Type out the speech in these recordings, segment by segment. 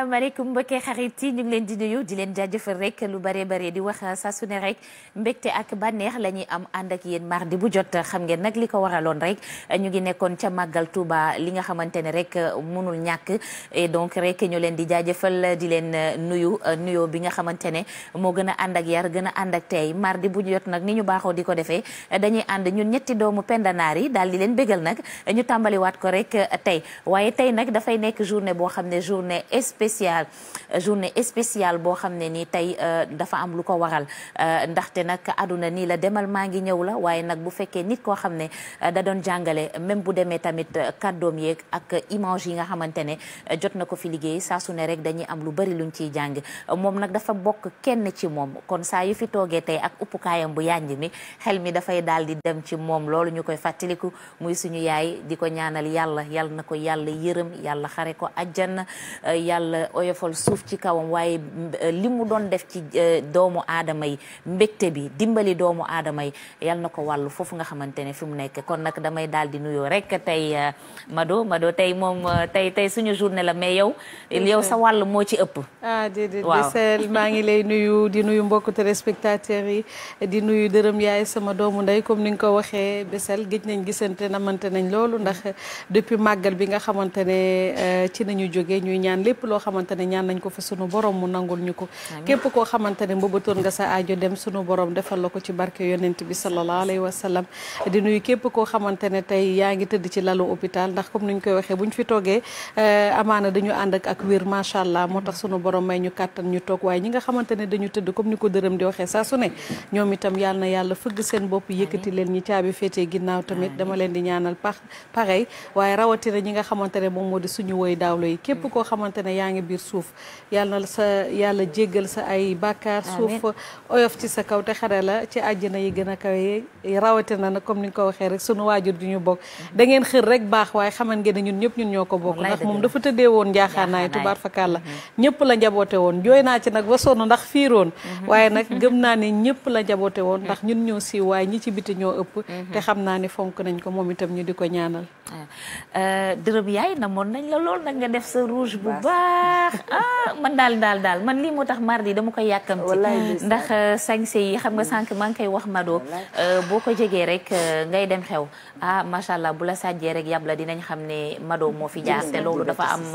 asalaamaaleykum mbokki xarit yi ñu ngi leen di nuyu di leen jaajëfal rek lu bare bare di wax saa su ne rek mbégte ak bànneex la ñuy am ànd ak yéen mardi bu jot xam ngeen nag li ko waraloon rek ñu ngi nekkoon ca màggal Touba li nga xamante ne rek munul ñàkk et donc rek ñu leen di jaajëfal di leen nuyu nuyoo bi nga xamante ne moo gën a ànd ak yar gën a ànd ak tey mardi bu jot nag ni ñu baaxoo di ko defee dañuy ànd ñun ñetti doomu pendanaar yi daal di leen bégal nag ñu tàmbaliwaat ko rek tey waaye tey nag dafay nekk journée boo xam ne spéciale euh, journée spéciale boo xam ne nii tey euh, dafa am lu ko waral euh, ndaxte nag àdduna nii la demal maa ngi ñëw la waaye nag bu fekkee nit koo xam ne da doon même bu demee tamit kàddoom ak image yi nga xamante ne jot na ko fi liggéey saa su ne rek dañuy am lu bari luñ ciy jàng moom nag dafa bokk kenn ci moom kon saa yu fi toogee tey ak uppukaayam bu yànj mi xel mi dafay dal di dem ci moom loolu ñu koy fàttaliku muy suñu yaay di ko ñaanal yàlla yàlla na ko yàlla yërëm yàlla xare ko ajjana yàlla oyofal suuf ci kawam waaye eh, li mu doon def ci eh, doomu aadama yi mbégte bi dimbali doomu aadama yi yal na ko wàllu foofu nga xamante ne fi mu nekk kon nag damay daal di nuyoo rek tey eh, Mado Mado tey moom tey tey suñu journée la mais yow yow sa wàll moo ci ëpp ah déedéet Sel maa ngi lay nuyu di nuyu mbokk téléspectateurs yi di nuyu dërëm yaay sama doomu ndey comme ni nga ko waxee Bessél gëj nañ gisante namante nañ loolu ndax depuis màggal bi nga xamante ne ci nañu xamante ne ñaan nañ ko fa sunu borom mu nangul ñu ko képp koo xamante ne nga sa aajo dem sunu borom defal la ko ci barke yonent bi sallallahu alayhi wa di nuyu képp koo xamante tey yaa ngi tëdd ci lalu hôpital ndax comme nuñ fi toogee eh, amaana dañu ànd ak ak wér macha allah ñu kàttan ñu toog waaye ñi nga xamante ne dañu tëdd comme ni ko dërëm di waxee saa su ne ñoom itam yàlla yàlla fëgg seen bopp yëkkati leen ñi caabi féetee ginnaaw tamit dama leen di ñaanal pax pareil waaye rawatina ñi nga xamante ne moom moo di suñu woy daawlo yi képp koo xamante yaa ngi biir suuf yàlla na sa yàlla jéggal sa ay bàkkaar suuf oyof ci sa kaw te xare la ci àjjana yi gën a kawe rawatina na comme ni nga ko waxee rek sunu waajur du ñu bokk da ngeen xër rek baax waaye xaman ngeen ne ñun ñëpp ñun ñoo ko bokk ndax moom dafa tëddee woon njaaxaanaay tubaar fakàl la mhm. ñëpp la njaboote woon jooy naa ci nag ba sonn ndax fiiroon mhm. waaye nag gëm naa ne ñëpp la njaboote woon mhm. ndax ñun ñoo siiw waaye ñi ci biti ñoo ëpp te xam naa ni fonk nañ ko moom itam ñu di ko ñaanal ah. euh, dërëm yaay namoon nañ la lool nag nga def sa rouge bu baax baax ah, man daal daal daal man lii moo tax mardi dama koy yàkkamti ndax euh, sañse yi xam nga sànq maa ngi koy wax Mado euh, boo ko jegee rek euh, ngay dem xew ah macha allah bu la sàjjee rek yàb la dinañ xam ne Mado moo fi jaar te loolu dafa am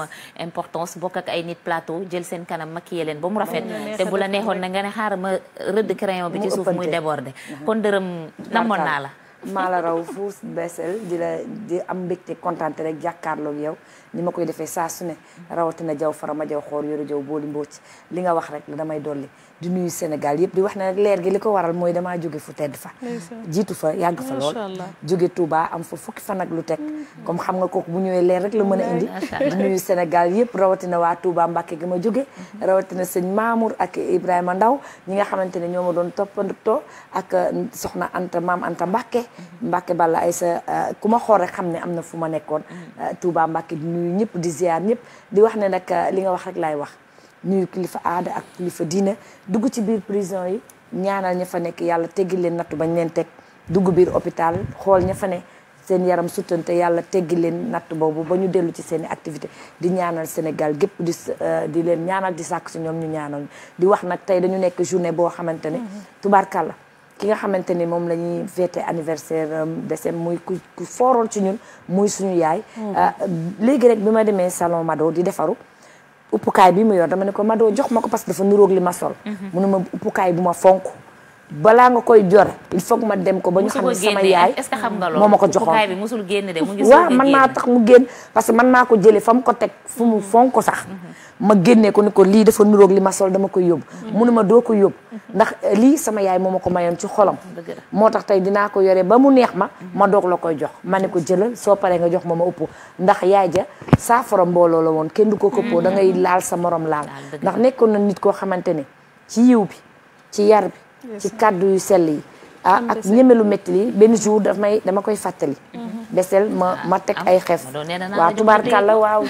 importance bokk ak ay nit plateau jël seen kanam maquillé leen ba mu rafet te bu la neexoon na nga ne xaaral ma rëdd crayon bi ci suuf muy déborder mhm. kon dërëm namoon naa la maa raw fuus besel di la di am mbégte kontaan rek jàkkaarloog yow ni ma koy defee saa su ne rawatina jaw farama jaw xoor yoru jaw booli mbooc li nga wax rek la damay dolli di nuyu Sénégal yëpp di wax na leer gi li ko waral mooy dama jóge fu tedd fa jiitu fa yàgg fa lool jóge Touba am fa fukki fan ak lu teg mm-hmm. comme xam nga kooku bu ñëwee leer rek la mën indi di Sénégal yëpp rawatina waa Touba Mbàkke gi ma jóge mm-hmm. rawatina sëñ Mamour ak Ibrahima Ndaw ñi nga xamante ne ñoo ma doon toppandoo ak uh, soxna Anta maam Anta Mbàkke Mbàkke ay sa ku ma xool xam ne am na fu ma nekkoon mm-hmm. uh, Touba Mbàkke di nuyu nuyu ñëpp di ziar ñëpp di wax ne nag li nga wax rek laay wax ñuy kilifa aada ak kilifa diine dugg ci biir prison yi ñaanal ña fa nekk yàlla teggil leen nattu bañ leen teg dugg biir hôpital xool ña fa ne seen yaram suttante yàlla teggi leen natt boobu ba ñu dellu ci seen i activité di ñaanal Sénégal gépp di euh, di leen ñaanal di sàkk si ñoom ñu ñaanal di wax nag tey dañu nekk journée boo xamante ne mm-hmm. tubaarkàlla ki nga xamante ni moom la ñuy fêté anniversaire euh, décès muy ku ku fooroon ci ñun muy suñu yaay hmm. euh, léegi rek bi ma demee salon Mado di defaru uppukaay bi mu yoon dama ne ko Mado jox ma ko parce que dafa nuróog li ma sol hmm. mu ne ma uppukaay bu ma fonk balaa nga koy jore il faut ma dem ko ba ñu xam ne sama yaay moo ma ko joxoon musul génn de mu ngi man naa tax mu génn parce que man maa ko jëlee fa ko teg fu mu mm-hmm. fon ko sax mm-hmm. ma génnee ko ni ko lii dafa nuroog li ma sol dama koy yóbbu mm-hmm. mu ne ma doo ko yóbbu ndax eh, lii sama yaay moo ma ko mayoon ci xolam moo tax tey dinaa ko yore ba mu neex ma ma doog la koy jox ma ne ko jëlal soo paree nga jox ma ma ëpp ndax yaay ja saafara mbooloo la woon kenn du ko këppoo da ngay laal sa moroom laal ndax nekkoon na nit koo xamante ne ci yiw bi ci yar bi ci kàddu yu sell yi ah ak ñeme lu métti benn jour daf may dama koy fàttali besel mhm. ma ah, ma teg ay xef waaw tubaarkàlla waaw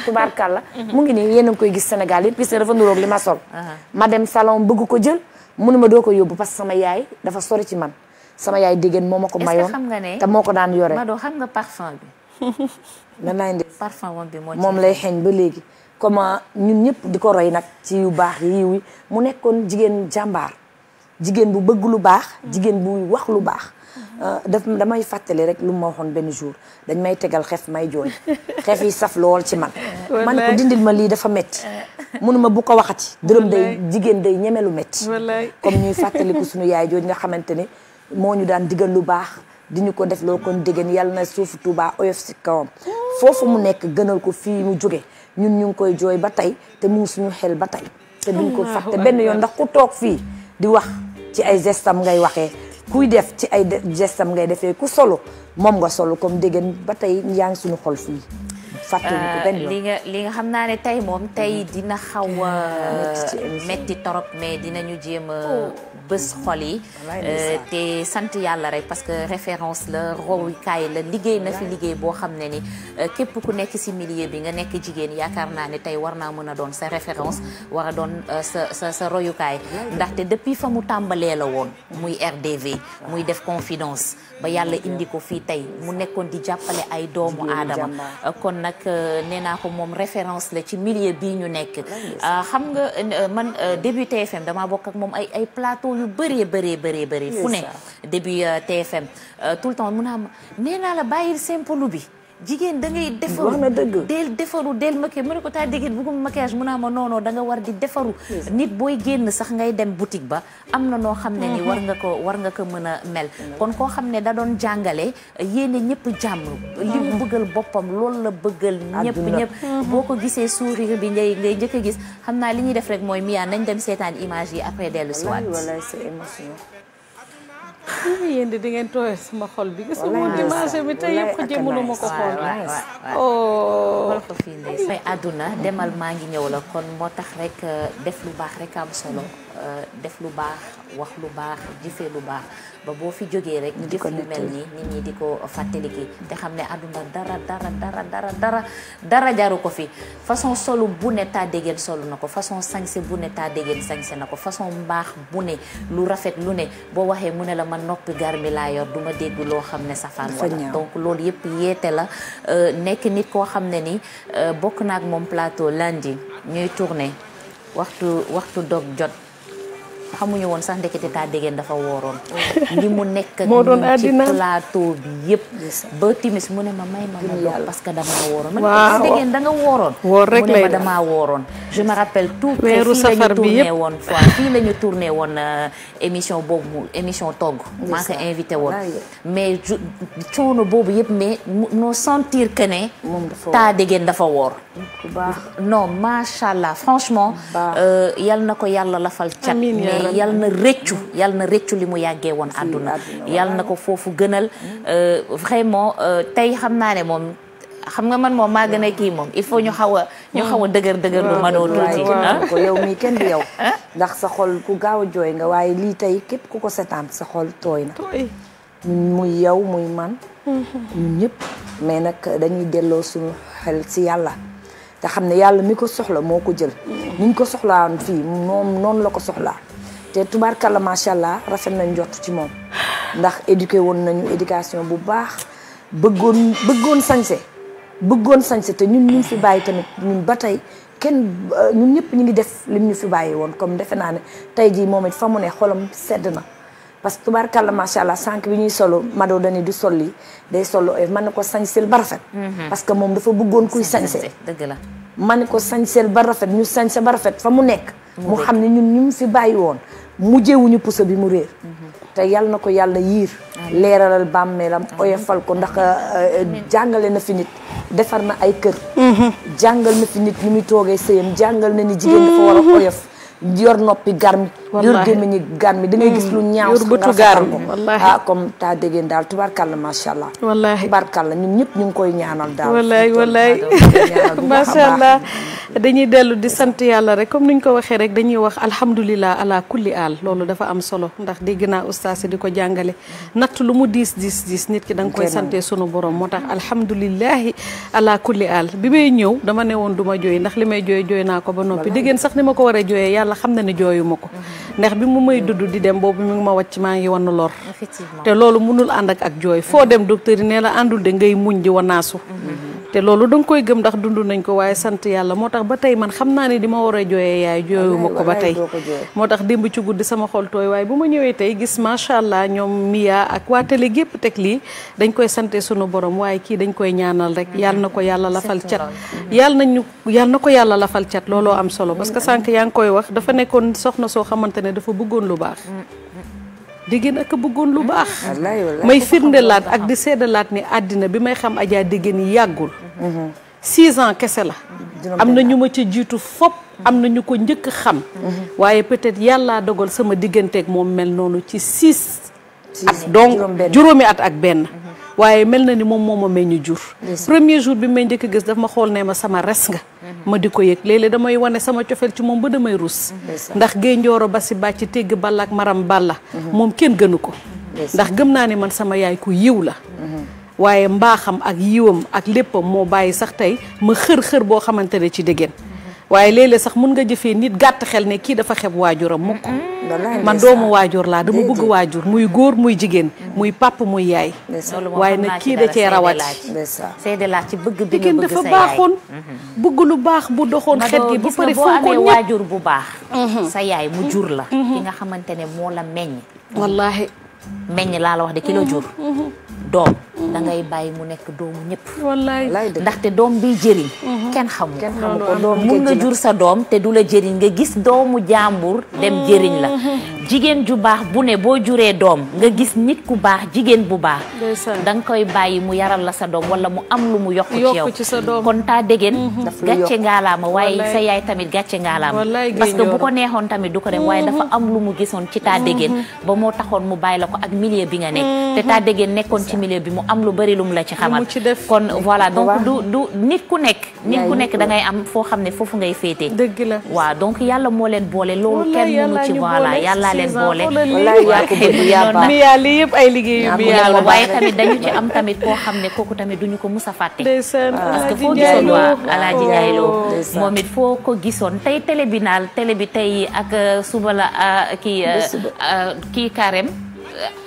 la mhm. mu ngi nii yéen a ngi koy gis Sénégal yëpp puisque dafa nuroog li ma sol ah. ma dem salon bëgg ko jël mu ma doo ko yóbbu parce que sama yaay dafa sori ci man sama yaay déggéen moo ma ko mayoon te moo ko daan yore Mado xam nga parfum bi nan laay ndee parfum moom lay xeeñ ba léegi comment ñun ñëpp di ko roy nag ci yu baax yi yiw yi mu nekkoon jigéen jàmbaar jigéen bu bëgg lu baax jigéen bu wax lu baax euh, daf damay fàttali rek lu ma waxoon benn jour dañ may tegal xef may jooy xef yi saf lool ci man man ko dindil ma lii dafa metti munuma bu ko waxati dërëm day jigéen day ñeme lu metti comme ñuy fàttaliku suñu yaay jooju nga xamante ne moo ñu daan digal lu baax di ñu ko def loo kon déggéen yàlla na suufu Tuuba oyof si kawam foofu mu nekk gënal ko fii mu jóge ñun ñu ngi koy jooy ba tey te mu suñu xel ba tey te duñ yoon ndax ku toog fii di wax ci ay gestam ngay waxee kuy def ci ay gestam ngay defee ku solo moom nga solo comme déggan ba tey yaa suñu xol fii fàttewuñu ko euh, li nga li nga xam naa ne tey moom tey mm-hmm. dina xaw a metti torop mais dinañu jéem a oh. bés xol yi euh, te sant yàlla rek parce que référence la royukaay la liggéey na fi liggéey boo xam ne ni euh, képp ku nekk si milieu bi nga nekk jigéen yaakaar naa ne tey war naa mën a doon sa référence war a doon euh, sa sa sa royukaay ndaxte depuis fa mu tàmbalee la woon muy RDV muy def confidence ba yàlla indi ko fii tey mu nekkoon di jàppale ay doomu aadama kon nag nee naa ko moom référence la ci millier bii ñu nekk xam nga man début TFM dama bokk ak moom ay ay coow yu bëree bëree bëree bëri fu ne début euh, TFM euh, tout le temps mun naa am nee naa la bàyyil simple bi jigéen da ngay defaru na dëgg del defaru del make mu ne ko taa déggéen bugguma maquillage mu naa ma noonoo danga nga war di defaru nit booy génn sax ngay dem boutique ba am na noo xam ne ni mm-hmm. war nga ko war nga ko mën a mel kon koo xam ne da doon jàngale yéene ñëpp jàmm li mu mm-hmm. bëggal boppam loolu la bëggal ñëpp ñëpp mm-hmm. boo ko gisee sourire bi ngay ngay njëkk a gis xam naa li ñuy def rek mooy miyaa nañ dem seetaan image yi après dellu si waat yéen di ngeen tooyal suma xol bi. gis nga moom dimanche tey yëpp xëj mënuma ko xool. waay waay ko fii àdduna demal maa ngi ñëw la kon moo tax rek euh, def lu baax rek am solo euh, def lu baax wax lu baax jëfee lu baax. ba boo fi jógee rek jëf yu mel nii nit ñi di ko fàttaliki te xam ne àdduna dara dara dara dara dara dara jaru ko fi façon solu bu ne taa déggeen solu na ko façon sañse bu ne taa déggeen sañse na ko façon mbaax bu ne lu rafet lu ne boo waxee mu ne la ma noppi garmi laa yor duma ma dégg loo xam ne safaan wala donc loolu yëpp yeete la euh, nekk nit koo xam ne ni euh, bokk ak moom plateau lundi ñuy tourné waxtu dog jot xamuñu woon sax ndekete taa dégeen dafa wooroon li nekk ak ñun ci plateau bi yëpp ba timis ma may ma ma parce que damaa wooroon man da nga wooroon woor rek lay damaa wooroon je me rappelle tout weeru safar bi woon fois fii la euh, émission boobu émission togg maa ko invité woon mais coono boobu yëpp mais noo sentir que ne taa dafa woor non macha allah franchement euh, yal na ko yàlla lafal cat mais yal na rëccu yal na rëccu li mu yàggee woon àdduna yal na ko foofu gënal euh, vraiment euh, tey xam naa ne moom xam nga man moom maa gën a kii moom il faut ñu xaw a ñu xaw a dëgër dëgër lu manoo tuuti ah. mii kenn du yow ah. ndax sa xol gaaw a jooy nga waaye lii tey képp ku ko setaan sa tooy na muy yow muy man mm-hmm. ñun ñëpp mais nag dañuy delloo suñu xel ci yàlla te xam ne yàlla mi ko soxla moo ko jël mm-hmm. niñ ko soxlaan fii moom noonu la ko soxlaa te tubaarkalla macha allah rafet nañ jot ci moom ndax éduqué woon nañu éducation bu baax bëggoon bëggoon sañse bëggoon sañse te ñun ñu fi bàyyi tamit ñun ba tey kenn euh, ñun ñëpp ñu ngi def lim ñu fi bàyyi woon comme defe naa ne tey jii moom it fa mu ne xolam sedd na parce que tubaarkàlla macha allah sànq bi ñuy solo Mado dani du sol yi day solo man na ko sañseel ba mhm. parce que moom dafa bëggoon kuy sañse. dëgg la man ko sañseel ba rafet ñu sañse ba rafet fa mu nekk. mu xam ne ñun ñu fi bàyyi woon. mujjewuñu puso bi mu réer mhm. te yal na ko yàlla yiir leeralal bàmmeelam oyofal ko ndax euh, euh, jàngale na fi nit defar na ay kër mhm. jàngal na fi nit ni muy toogee sëyam jàngal na ni jigéen dafa war a mhm. oyof yor noppi garmi yor gémmiñi garmi da ngay gis lu hmm. ñaaw sax nga saxal ko ah comme taa déggéen daal tubaarkàlla macha allah wallaahi tubaarkàlla ñun ñëpp ñu ngi koy ñaanal daal wallaahi wallaahi macha allah dañuy dellu di sant yàlla rek comme ñu ko waxee rek dañuy wax alhamdulilah ala kulli al loolu dafa am solo ndax dégg naa ustaasi di ko jàngale natt lu mu diis diis nit ki da nga koy sante sunu borom moo tax alhamdulilahi ala kulli al bi may ñëw dama ne woon du ma jooy ndax li may jooy jooy naa ko ba noppi diggéen sax ni ma ko war a jooyee yàlla xam na ne jooyuma ko ndax bi mu may dudd di dem boobu mi ngi ma wàcc maa ngi wan lor te loolu mënul ànd ak ak jooy foo dem docteur yi nee la àndul de ngay muñ di wanaasu mm-hmm. te loolu da koy gëm ndax dund nañ ko waaye sant yàlla moo tax ba tey man xam naa ne di ma war a jooyee yaay jooyu ma ko ba tey moo tax démb ci guddi sama xol tooy waaye bu ma ñëwee tey gis macha allah ñoom Mia ak waa télé gépp teg lii dañ koy sante sunu borom waaye kii dañ koy ñaanal rek yàlla na ko yàlla lafal cat yàlla ñu yàlla na ko yàlla lafal cat looloo am solo parce que sànq yaa ngi koy wax dafa nekkoon soxna soo xamante ne dafa bëggoon lu baax déggéen ak bëggoon lu baax ah, may laat ak di laat ni àddina bi may xam ajaa déggéen yi yàggul mm-hmm. six ans kese la am na ñu ma ca jiitu fop am na ñu ko njëkk xam mm-hmm. waaye peut-être yàllaa dogal sama digganteek moom mel noonu ci six at donc juróomi at ak benn mm-hmm. waaye mel na ni moom moo ma meññ jur premier jour bi may njëkk gis daf ma xool ne ma sama res nga mhm. ma di ko yëg léeg damay wane sama cofeel ci moom ba damay ruus ndax géy njooro ba si bàcc tégg balla ak maram balla mhm. moom kenn gënu ko ndax gëm naa ne man sama yaay ku yiw la mhm. waaye mbaaxam ak yiwam ak léppam moo bàyyi sax tey ma xër-xër boo xamante ne ci déggeen waaye léeg sax mun nga jëfee nit gàtt xel ne kii dafa xeb waajuram mukk man doomu waajur laa dama bëgg waajur muy góor muy jigéen muy pàpp muy yaay waaye nag kii da cee rawati seede laa ci bëgg bi nga bëgg sa dafa baaxoon mm-hmm. bëgg lu baax bu doxoon xet gi bu pare foo amee waajur bu baax mm-hmm. sa yaay mu jur la ki mm-hmm. nga xamante ne moo la meññ wallaahi meññ laa la wax de ki la jur doom da ngay bàyyi mu nekk doomu ñëpp ndaxte doom mhm. bi jëriñ kenn xamu ko mun nga jur sa doom te du la jëriñ nga gis doomu jàmbur dem mhm. jëriñ la jigéen ju baax bu ne boo juree doom nga gis nit ku baax jigéen bu baax da nga koy bàyyi mu yaral la sa doom wala mu am lu mu yokku ci yow kon taa dégéen mhm. gàcce ngaalaama waaye sa yaay tamit gàcce ngaalaama parce que bu ko neexoon tamit du ko def waaye dafa am lu mu gisoon ci taa dégéen ba moo taxoon mu bàyyi la ko ak milieu bi nga ci milieu bi mu am lu bari lum la ci xamal kon voilà donc du du nit ku nekk nit ku nekk da ngay am foo xam ne foofu ngay féetee dëgg la waaw donc yàlla moo leen boole loolu kenn mënu ci voilà yàlla leen boole mi yaa lii yëpp ay liggéeyu mi yàlla waaye am tamit koo xam ne kooku tamit duñu ko mus a fàtte parce que foo gisoon oh. it foo ko gisoon tey télé bi naa télé bi tey ak euh, suba la ki euh, kii carême euh,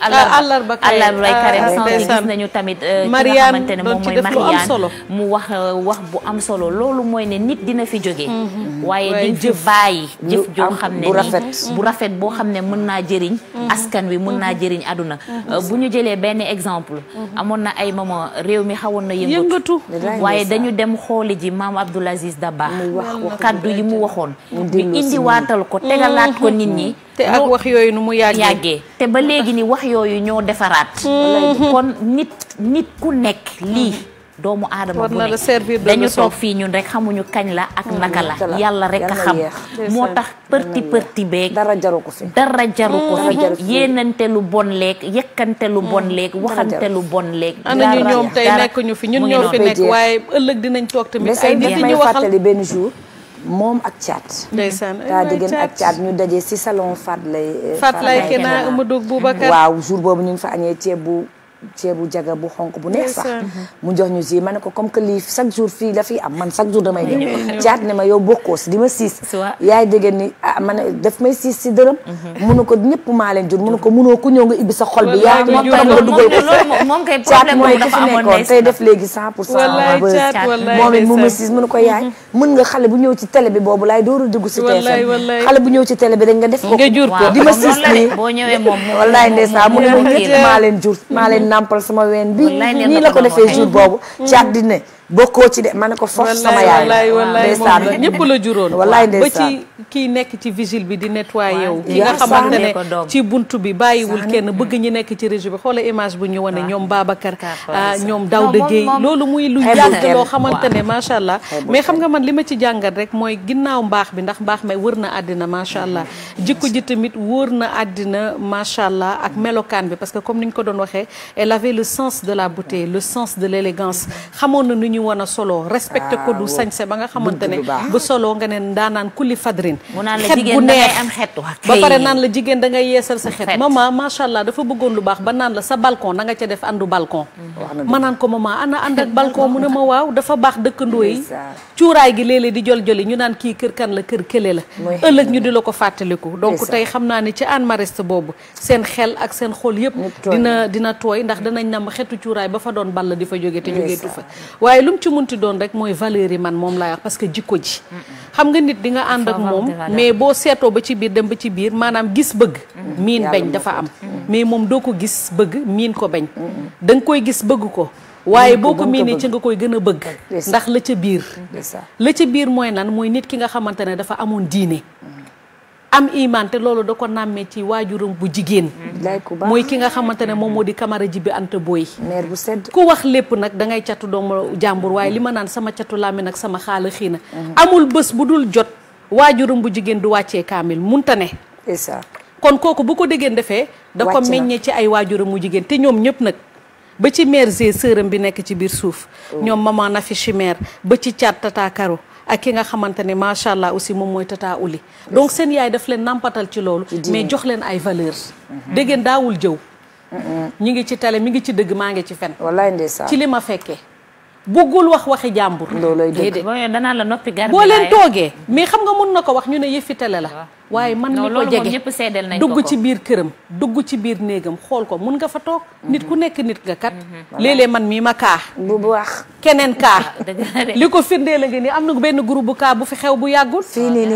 àllarba àllarba eh, Karim Samb gis nañu tamit eh, ki xamante ne moom mooy Mariane mu wax eh, wax bu am solo loolu mooy ne nit dina fi jógee mm-hmm. mm-hmm. waaye di fi bàyyi jëf joo xam ne ni bu rafet boo xam ne mën naa jëriñ mm-hmm. askan wi mun naa jëriñ aduna bu ñu jëlee benn exemple amoon na ay moment réew mi xawoon na yëngatu waaye dañu dem xooli ji maam Abdoul Aziz Dabakh kàddu yi mu waxoon ñu indi waatal ko tegalaat ko nit ñi te ak wax yooyu nu mu yàggee te ba léegi ni wax yooyu ñoo defaraat. Mm-hmm. kon nit nit ku nekk lii. Mm-hmm. doomu aadama bu nekk dañu toog fii ñun rek xamuñu kañ la ak mm-hmm. naka la yàlla rek a xam moo tax përti përti beeg dara jaru ko fi dara jaru ko fi yéenante lu bon lekk yëkkante lu bon leeg waxante lu bon leeg ana ñu ñoom tey ñu fi ñun ñoo fi nekk waaye ëllëg dinañ toog tamit ay nit waxal moom ak caat. ndeysaan taa diggéen ak caat ñu daje si salon Fatlay. Eh, Fatlay Kena Amadou Boubacar waaw jour boobu ñu ngi fa añee ceeb bu. ceebu jaga bu bu neex sax mu ma ne ko comme que lii chaque jour fii la fii am man chaque jour damay ma yow bokkoo si di ma siis yaay dégg ah, ma ne daf may mhm. munu ko ñëpp maa jur munu ko munoo ku ñëw nga ibbi sa xol bi yaa ma pare nga dugal ko caat mooy ki fi nekkoon tey def léegi cent pour cent moom it mu ma siis munu ko yaay mhm. mën nga xale bu ñëw ci télé bi boobu laay dooru dugg si TFM xale bu ñëw ci télé bi dañ nga def ko di ma siis nii wallaay ndeysaan mu ne ma ñëpp jur maa nàmpal sama ween bi nii la ko defee jour boobu ci àddina bokkoo ci de ma ne ko foofu sama yaay wallaay wallaay moom la ñëpp la juróon wallaay ba ci kiy nekk ci vigile bi di nettoyé wu ki nga xamante ci bunt bi bàyyiwul kenn bëgg ñi nekk ci réseau bi xoola image bu ñu wane ñoom Babacar ah, ñoom Daouda Gueye loolu muy lu yàgg xamante ne macha allah mais xam nga man li ma ci jàngat mooy ginnaaw mbaax bi ndax mbaax may wër na àddina macha allah jikko ji tamit wër na àddina macha allah ak melokaan bi parce que comme ni ñu ko doon waxee elle avait le sens de la beauté le sens de l'élégance xamoon ñu war a soloo respecté ko ah, du sañse ba nga xamante ne bu soloo nga ne daanaan kulli fadrin xet bu neex ba pare naan la jigéen da ngay yeesal sa xet maman macha allah dafa bëggoon baax ba naan la sa balcon da nga ca def àndu balcon mm-hmm. ma naan ko maman ana ànd ak balcon mu ne ma waaw dafa baax dëkkandoo yi cuuraay gi léeg-léeg di jol joli ñu naan kii kër kan la kër kële la ëllëg ñu di la ko fàttaliku donc tey xam naa ni ci an Mariste boobu seen xel ak seen xol yëpp dina dina tooy ndax danañ nam xetu cuuraay ba fa doon la di fa jóge te jógeetu fa waaye lu mu ci munti doon rek mooy valeur yi man moom laa wax parce que jikko ji. xam nga nit di nga ànd ak moom mais boo seetoo ba ci biir dem ba ci biir maanaam gis bëgg. Mm-hmm. miin bañ dafa am. Mm-hmm. mais moom doo ko gis bëgg miin ko bañ. Mm-hmm. da nga koy gis bëgg ko. waaye boo ko miinee ci nga koy gën a bëgg. ndax la ca biir. la ca biir mooy lan mooy nit ki nga xamante ne dafa amoon diine. am iman te loolu da ko nàmmee ci waajuram bu jigéen mooy ki nga xamante ne moom moo di Kamara Jibi Anta Boy mère bu sedd ku wax lépp nag dangay catu doomu jàmbur waaye li ma naan sama catu làmmi nag sama xaala xii na mhm. amul bës bu dul jot waajurum bu jigéen du wàccee kaamil munta ne kon kooku bu ko déggeen defee da ko meññee ci ay waajuram mu jigéen te ñoom ñëpp nag ba ci mère g bi nekk ci biir suuf oh. ñoom maman Nafi Chimère ba ci caat Tata ak ki nga xamante ne macha allah aussi moom mooy tata uli donc seen yaay daf leen nampatal ci loolu mais jox leen ay valeur dégg daawul jëw ñi ngi ci télé mi ngi ci dëgg maa ngi ci fen wallaay ndeysaan ci li ma fekkee bëggul wax waxi jàmbur. loolay dëgg danaa la noppi gar boo leen toogee mais xam nga mun na ko wax ñu ne yëfi télé la. waaye man mi ko jege dugg ci biir këram dugg ci biir néegam xool ko mun nga fa toog. Mm-hmm. nit ku nekk nit nga kat. Mm-hmm. léeg-léeg man mii ma kaa. bu bu keneen kaa. li ko firndee la nga ni am na benn groupe bu kaa bu fi xew bu yàggul.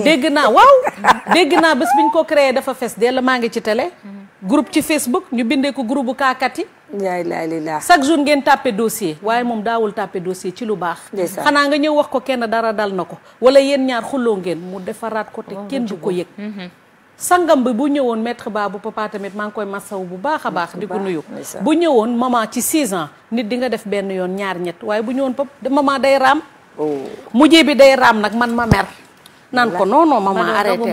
dégg naa waaw. dégg naa bés biñ ko créé dafa fes dell maa ngi ci télé. Mm-hmm. groupe ci Facebook ñu bindee ko groupe bu kaakat yi yaay laay li laa chaque jour ngeen tàppe dossier waaye moom daawul tàppe dossier ci lu baax xanaa nga ñëw wax ko kenn dara dal na ko wala yéen ñaar xulloo ngeen mu defaraat ko te oh, kenn du ko yëg mm-hmm. sangam bi bu ñëwoon maître ba bu papa tamit maa ngi koy masaw bu baax a baax di ko nuyu bu ñëwoon maman ci 6 ans nit di nga def benn yoon ñaar ñett waaye bu ñëwoon pap maman day raam oh. mujjee bi day raam nag man ma mer naan ko non non maman arrêté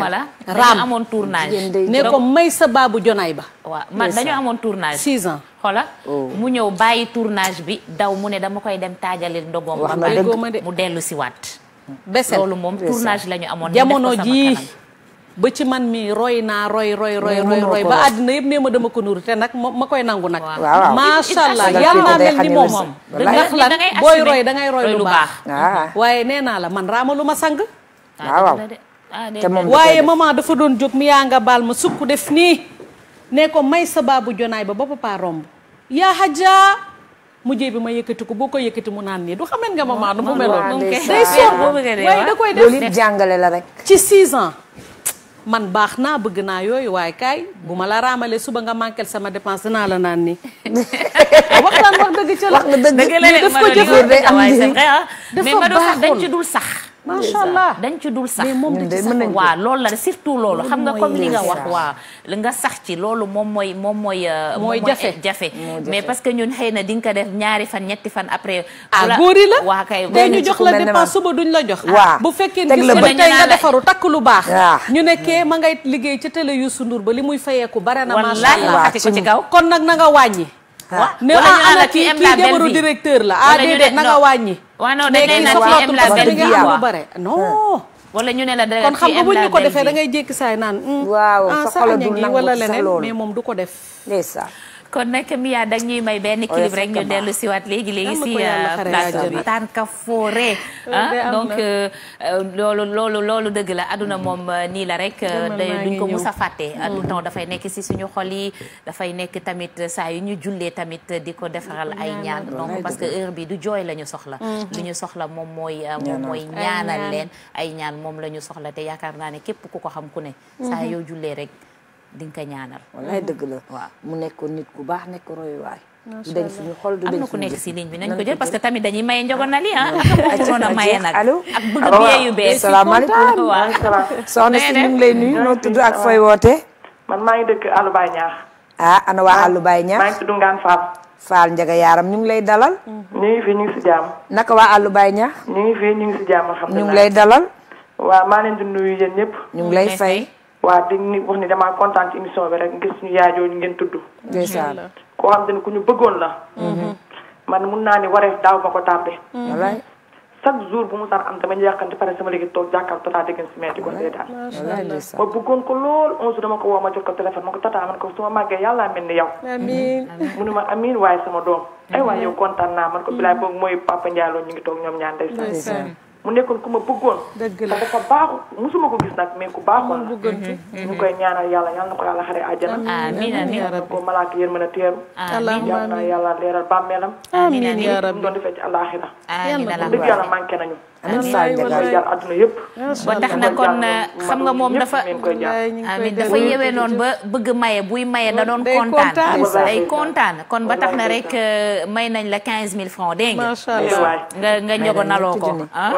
raam amoon tournage ne ko may sa baabu jonaay ba. waaw man dañoo amoon tournage. 6 ans xoola mu ñëw bàyyi tournage bi daw mu ne dama koy dem taajalil ndogom. wax na dëgg mu dellu si waat. bese loolu moom tournage la ñu amoon. jamono jii ba ci man mi roy naa roy roy roy roy roy ba àddina yëpp nee ma dama ko nuru te nag ma koy nangu nag. waaw macha allah yàlla mel ni moom moom. ndax lan booy roy da ngay roy lu baax. waaye nee naa la man raama lu ma sang. waaw ah, te moom waaye maman dafa doon jóg mi yaa nga baal ma sukk def nii ne ko may sa baabu jonaay ba ba papa romb yaa xajaa mujjee bi ma yëkkati ko boo ko yëkkati mu naan nii du xameen nga maman nu mu meloon day soor waaye da koy ci 6 ans man baax naa bëgg naa yooyu waaye kaay bu ma la raamalee suba nga manquel sama dépense dinaa la naan nii waxtaan wax dëgg ca la daf ko jëf ah. dafa baaxul sax macha allah dañ ci dul sax moom du ci sax loolu la surtout loolu xam nga comme li nga wax li nga sax ci loolu moom mooy moom mooy euh, mooy jafe jafe mais parce que ñun xëy na di nga ko def ñaari fan ñetti fan après ah góori la waa kay tey ñu jox la dépense suba duñ la jox waaw ah, bu fekkee gis nga tey defaru takk lu baax ñu ne kee ma ngay liggéey ca télé Youssou Ndour ba li muy fayeeku bare na macha allah ci kaw kon nag na nga wàññi waaw ne ana kii kii jabaru directeur la ah déedéet na nga wàññi. waaw non dañ lay naan fii la benn bi wala ñu ne la kon xam nga bu ñu ko defee dangay ngay saay naan. waaw sa xol du nangu wala leneen mais moom du ko def. ndeysaan kon nag Mia da ñuy may benn clip rek ñu dellu si waat léegi léegi si euh, plateau bi tànka foore ah, donc euh, loolu loolu dëgg la àdduna mm-hmm. moom euh, nii la rek duñ ko mus a fàtte mm-hmm. dafay nekk si suñu xol yi dafay nekk tamit saa yu ñu jullee tamit di ko defaral ay ñaan donc parce que heure bi du jooy la ñu soxla mm-hmm. lu soxla moom mooy moom mooy ñaanal leen ay ñaan moom la ñu soxla te yaakaar naa ne képp ku ko xam ku ne saa yoo jullee rek di nga ko ñaanal. wallaay dëgg la waaw mu nekkoon nit ku baax nekk royuwaay. du dañ suñu xol du dañ nekk si ligne bi nañ ko jël parce que tamit dañuy maye njogonal yi ah. a maye nag ak bëgg biyee yu bees. soxna si ñu lay nuyu noo tudd ak fooy woote. man maa ngi dëkk Allou Baye Niakh. ah ana waa Allou Baye Niakh. maa ngi tudd Ngane Fall. Fall Njaga Yaaram ñu ngi lay dalal. ñu waa Allou Baye Niakh. ñu ñu ngi lay dalal. waaw maa leen di nuyu yéen ñëpp. lay fay waaw di ni wax ni damaa kontaan ci émission bi rek ngir suñu yaay jooju ngeen tudd. ndeysaan koo xam te ne ku ñu bëggoon la. Mm-hmm. man mun naa ni wareef daaw ma ko tàppe. Mm-hmm. wallaay chaque jour bu mu saan am dama yàqante pare sama léegi toog jàkkaarloo tata dégg si mais di ko seetaan. wallaay ma bëggoon ko lool un jour dama ko woo ma jot ko téléphone ma ko tata man ko su maggee màggee yàlla mel ni yow. amiin mu ne ma waaye sama doom. ay waay yow kontaan naa man ko bilaay mm-hmm. boog mooy papa Ndiallo ñu ngi toog ñoom ñaan mu nekkoon ku ma bëggoon. dëgg la te dafa baaxu musuma ko gis nag mais ku baaxoon la. Mm-hmm. ñu koy ñaanal yàlla yal na ko yàlla xare àjjana. amiin amiin yaa rabbi ko malaaka yéen mën a teeru. amiin yal na yàlla leeral bàmmeelam. amiin yaa rabbi doon defee ci àllaaxira. amiin dëgg yàlla manqué nañu. mooy jàll adduna yëpp ba tax na kon uh, xam nga moom dafa amin dafa yewee noonu ba bëgg maye buy maye da doon kontaan day kontaan kon ba tax na rek uh, may nañ la quinze mille francs dégg nga nga nga ñogo naloo ko ah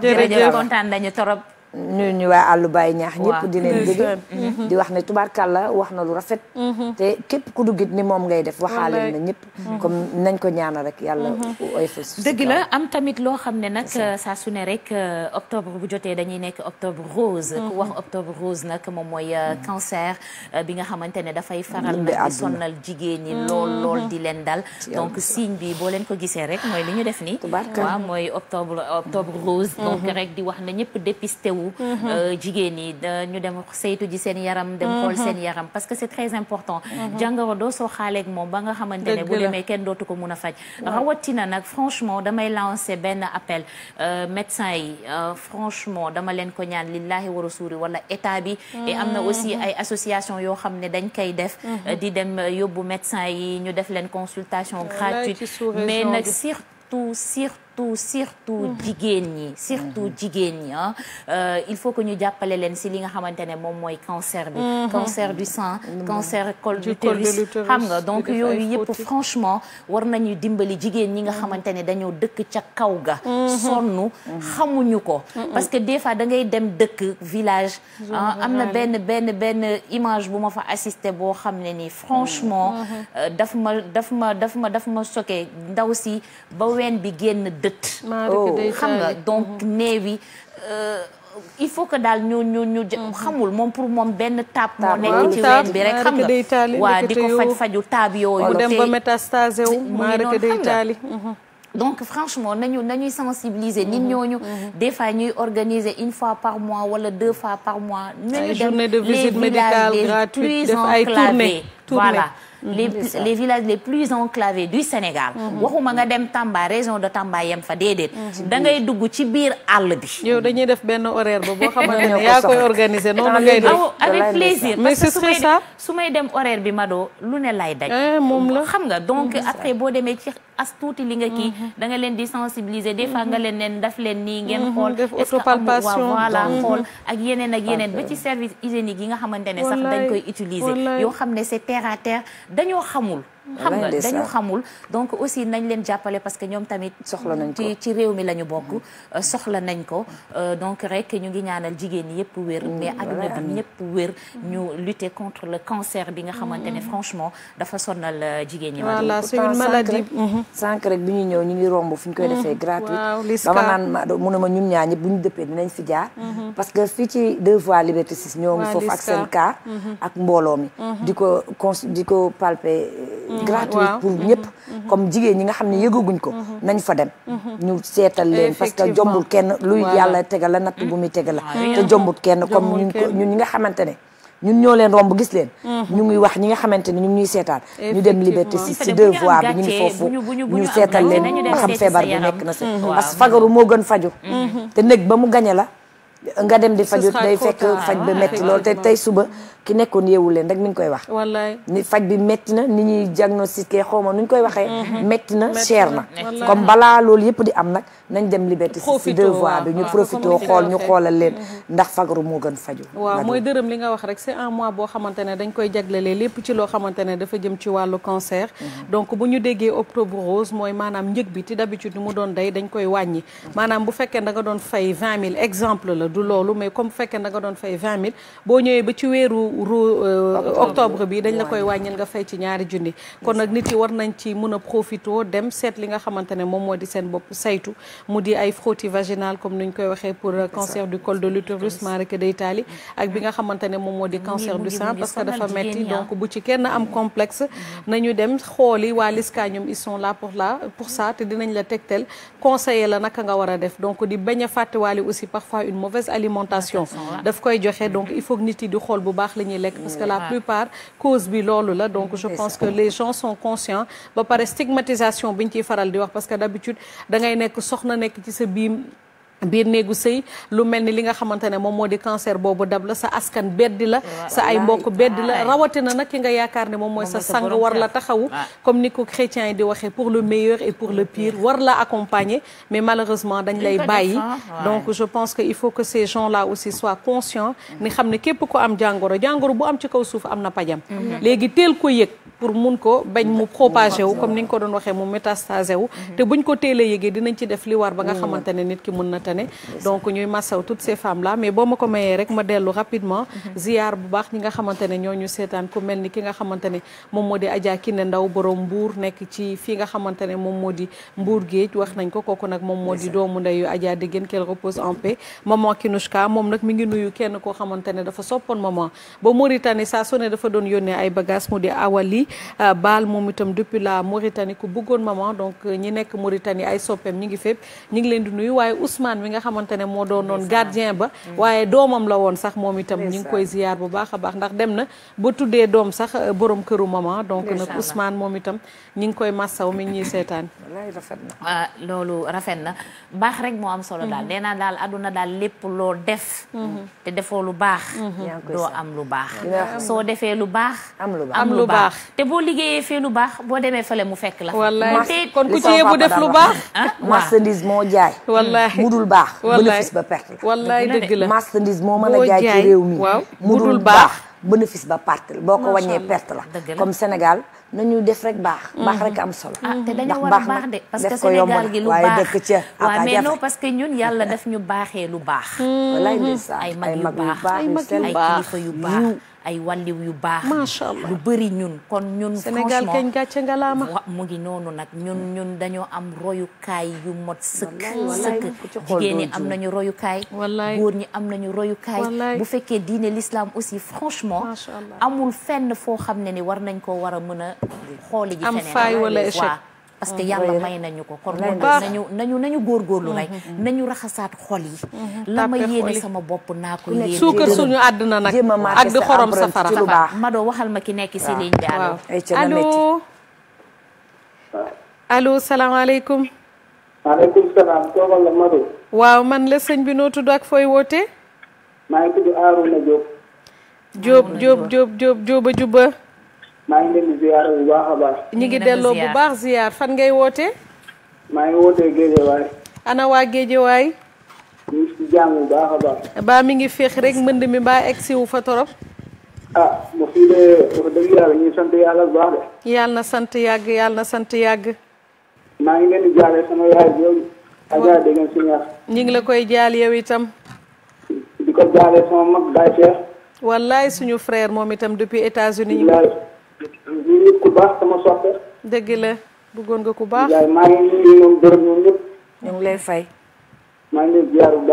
jërëjëf kontaan dañu torop nuyu ñu waa àllu bàyyi ñaax ñëpp di leen bëgg mhm. di wax ne tubaarkàlla wax na lu rafet mhm. te képp ku duggit ni moom ngay def waxaale na ñëpp mhm. comme nañ ko ñaanal rek yàlla oyofal dëgg la am tamit loo xam ne nag saa su ne rek euh, octobre bu jotee dañuy nekk octobre rose wax octobre rose nag moom mooy euh, cancer euh, bi nga xamante ne dafay faral nag di sonnal jigéen ñi lool lool di leen dal donc signe bi boo leen ko gisee rek mooy ñu def nii waaw mooy octobre octobre rose donc di wax na ñëpp dépisté wu surtout. Mm-hmm. Euh, jigéen ñi ñu dem saytu ji seen yaram. dem mm-hmm. xool seen yaram parce que c'est très important. Mm-hmm. jàngoro doo soo xaaleeg moom ba nga xamante ne bu demee kenn dootu ko mun a faj. rawatina nag franchement damay lancer benn appel euh, médecin yi euh, franchement dama leen ko ñaan lillahi wa suuri wala état bi. et am na aussi ay association yoo xam ne dañ koy def. di dem yóbbu médecin yi ñu def leen consultation gratuite mais nag surtout surtout. surtout surtout mm-hmm. jigéen ñi surtout mm-hmm. jigéen ñi ah euh, il faut que ñu jàppale leen si li nga xamante ne moom mooy cancer bi mm-hmm. cancer du sein cancer col de l'utérus xam nga donc yooyu yëpp franchement war nañu dimbali jigéen ñi nga xamante ne dañoo dëkk ca kaw ga sonn xamuñu ko parce que des fois da ngay dem dëkk village ah, am na benn benn benn image bu ma fa assisté boo xam ne nii franchement euh, daf ma daf ma daf ma daf ma soke ndaw si ba ween bi génn de dëtt oh, xam nga donc mm-hmm. neewi euh, il faut que daal ñu ñu ñu mm-hmm. xamul moom pour moom benn taab moo bi rek xam nga waa di ko faj faju taab yooyu mu dem ba métastasé wu mm-hmm. donc franchement nañu nañuy sensibiliser nit ñooñu des fois ñuy organiser une fois par mois wala deux fois par mois nañu dem les villages les plus enclavés voilà les mhm. les villages les plus enclavés du Sénégal. Mhm. waxuma nga mhm. dem Tamba région de Tamba yem fa déedéet. da ngay dugg ci biir àll bi. yow dañuy def benn horaire ba boo xamante ne yaa koy organiser noonu ngay def. avec plaisir mais ce su may dem horaire bi Mado lu ne lay daj. Eh, moom la xam nga donc après boo demee ci. as tuuti li nga kii mhm. danga leen di sensibiliser des fois nga mhm. leen leen daf leen nii ngeen mhm. xool est-ce que am waa voilà xool ak yeneen ak yeneen ba ci service hygiénique yi nga xamante ne sax dañ koy utiliser yoo xam ne se terre à dañoo xamul xam nga dañu xamul donc aussi nañ leen jàppale parce que ñoom tamit soxla nañ ko ci réew mi la ñu bokk mm-hmm. euh, soxla nañ ko euh, donc rek ñu ngi ñaanal jigéen ñi yëpp wér mm-hmm. mais adduna bi wér mm-hmm. ñu lutter contre le cancer bi nga xamante ne franchement dafa sonnal euh, jigéen ñi voilà c'est une maladie sànq bi ñu ñëw ñu ngi romb fu ñu koy defee gratuite dama naan mu ne ma ñun ñaa ñëpp bu ñu dëppee dinañ fi jaar parce que fii ci deux voies liberté six ñoo foofu ak seen cas Mm-hmm. gratuite pour ñëpp mm-hmm. comme jigéen ñi nga xam ne mm-hmm. yëgaguñ ko nañ fa dem ñu seetal leen parce que jombul kenn luy yàlla tegal la natt bu muy tegal la ah, te jombul kenn comme ñun ñun ñi nga xamante ne ñun ñoo leen romb gis leen ñu ngi wax ñi nga xamante ne ñu ngi ñuy seetaan ñu dem liberté si si deux voies bi ñu ngi foofu ñu seetal leen ba xam feebar bi nekk na si parce que fagaru moo gën faju te néeg ba mu gañe la nga dem di faju day fekk faj ba metti lool te tey suba ki nekkoon yeewu leen rek mi ngi koy wax. wallaay ni faj bi métti na ni ñuy diagnostiqué xaw ma nu ñu koy waxee. métti mm-hmm. na cher na. comme balaa loolu yëpp di am nag nañ dem liberté. si deux voies bi ñu profito xool ñu xoolal leen mm-hmm. ndax fagaru moo gën faju waaw mooy dërëm li nga wax rek c'est un mois boo xamante ne dañ koy jaglelee lépp ci loo xamante ne dafa jëm ci wàllu cancer. Mm-hmm. donc bu ñu déggee octobre rose mooy maanaam njëg bi ti d'habitude mu doon day dañ koy wàññi maanaam bu fekkee da nga doon fay vingt mille exemple la du loolu mais comme bu fekkee da nga doon fay vingt mille boo ñëwee ba ci weeru Euh, octobre bi dañ la koy wàññil nga fay ci ñaari junni kon nag nit yi war nañ ci mun a profito dem seet li nga xamante ne moom moo di seen bopp saytu mu di ay frottis vaginal comme nuñ koy waxee pour euh, cancer du col de l'utérus mari mm. moom moo di cancer du sein parce que dafa metti donc ah. bu ci kenn am mm. complexe mm. nañu dem xooli waa Liska ñoom ils son là pour là pour ça te dinañ la tegtal conseiller la naka nga war a def donc di bañ a fàttewaale aussi parfois une mauvaise alimentation daf koy joxe donc il faut nit yi di xool bu baax la lekk parce que la plupart cause bi loolu la donc je pense que les gens sont conscients ba pare stigmatisation bi ñu ciy faral di wax parce que d'habitude da ngay nekk soxna nekk ci sa biim biir néegu sëy lu mel ni li nga xamante ne moom moo di cancer boobu dab la sa askan beddi la sa ay mbokk beddi la rawatina nag ki nga yaakaar ne moom mooy sa sang war la taxawu comme ni ko chrétien yi di waxee pour le meilleur et pour le pire war la accompagner mais malheureusement dañ lay bàyyi donc je pense que il faut que ces gens là aussi soient conscients ni xam ne képp ko am jàngoro jàngoro bu am ci kaw suuf am na pajam mm-hmm. léegi teel ko yëg pour mun ko bañ mu propager wu comme ni nga ko doon waxee mu métastaser wu mhm. te buñ ko téelee yëgee dinañ ci def li war ba nga mhm. xamante ne nit ki mun na tane donc ñuy massaw toutes ces femmes là mais boo ma ko mayee rek ma dellu rapidement mhm. ziar bu baax ñi nga xamante ne ñoo ñu seetaan ku mel ni ki nga xamante ne moom moo di Adja Kine Ndaw borom Mbour nekk ci fii nga xamante ne moom moo di mbuur géej wax nañ ko kooku nag moom moo di doomu ndeyu Adja Dégène qu'elle repose en paix maman Kinouchka moom nag mi ngi nuyu kenn koo xamante ne dafa soppoon maman ba Mauritanie saa su ne dafa doon yónnee ay bagages Euh, Baal moom itam depuis la Mauritanie ku bëggoon maman donc euh, ñi nekk Mauritanie ay soppeem ñi ngi fépp ñi ngi leen di nuyu waaye Ousmane mi nga xamante ne moo doon noon gardien ba mm. waaye doomam la woon sax moom itam ñi ngi koy ziyaar bu baax a baax ndax dem na ba tuddee doom sax euh, borom këru maman donc nag moom itam ñi ngi koy massaw mi ñuy seetaan waaw loolu rafet na baax rek moo am solo daal mm-hmm. nee naa daal aduna daal lépp loo def mm-hmm. te defoo lu baax mm-hmm. doo am lu baax soo defee lu baax am lu baax te boo liggéeyee fee lu baax boo demee fële mu fekk la. wallaay kon ku ci yebbu def lu baax. Ah, marchandise moo jaay. wallaay mudul baax. wallaay bénéfice ba perte la. wallaay dëgg la marchandise moo mën a jaay ci réew mi. waaw mudul baax. bénéfice ba perte la boo ko wàññee perte la comme Sénégal nañu def rek baax mm-hmm. baax rek am solo ah, te dañu baax na parce que Sénégal gi lu baax waaye dëkk ca ah, waaw parce que ñun yàlla daf ñu baaxee lu baax mm-hmm. ay mag yu baax ay kilifa yu baax ay wàlliw yu baax. macha allah lu bëri ñun. kon ñun Sénégal kañ gàcce ngalaama. mu ngi noonu nag ñun ñun dañoo am royukaay yu mot sëkk. sëkk jigéen am nañu royukaay. wallaay góor ñi am nañu royukaay. bu fekkee diine l'islam aussi franchement. amul fenn foo xam ne ni war nañ koo war a mën a xooli ji feneen am faay wala parce que yàlla may nañu ko nañu nañu nañu góorgóorlu rek nañu raxasaat xol yi la ma yéene sama bopp naa ko yéene suukar suñu àdduna nag ak di xorom safara Mado waxal ma ki nekk si ligne bi allo allo allo salaamaaleykum waaw man la sëñ bi noo fooy woote maa ngi tudd Arouna a jubba maa ngi ñu ngi delloo bu baax ziar fan ngay woote maa ngi wootee Géejawaay. ana waa Géejawaay. ñu baa mi ngi féex rek mbënd mi baa egg wu fa torop. ah ñu sant yàlla bu baax de. na sant yàgg yàlla na sant yàgg. maa ngi koy jaal yow itam. di ko jaale sama mag Baye Cheikh. wallaay suñu frère moom itam depuis États-Unis. ñu la bëggoon nga ku baax. yaay maa ñu ngi lay fay. maa ngi leen ziar bu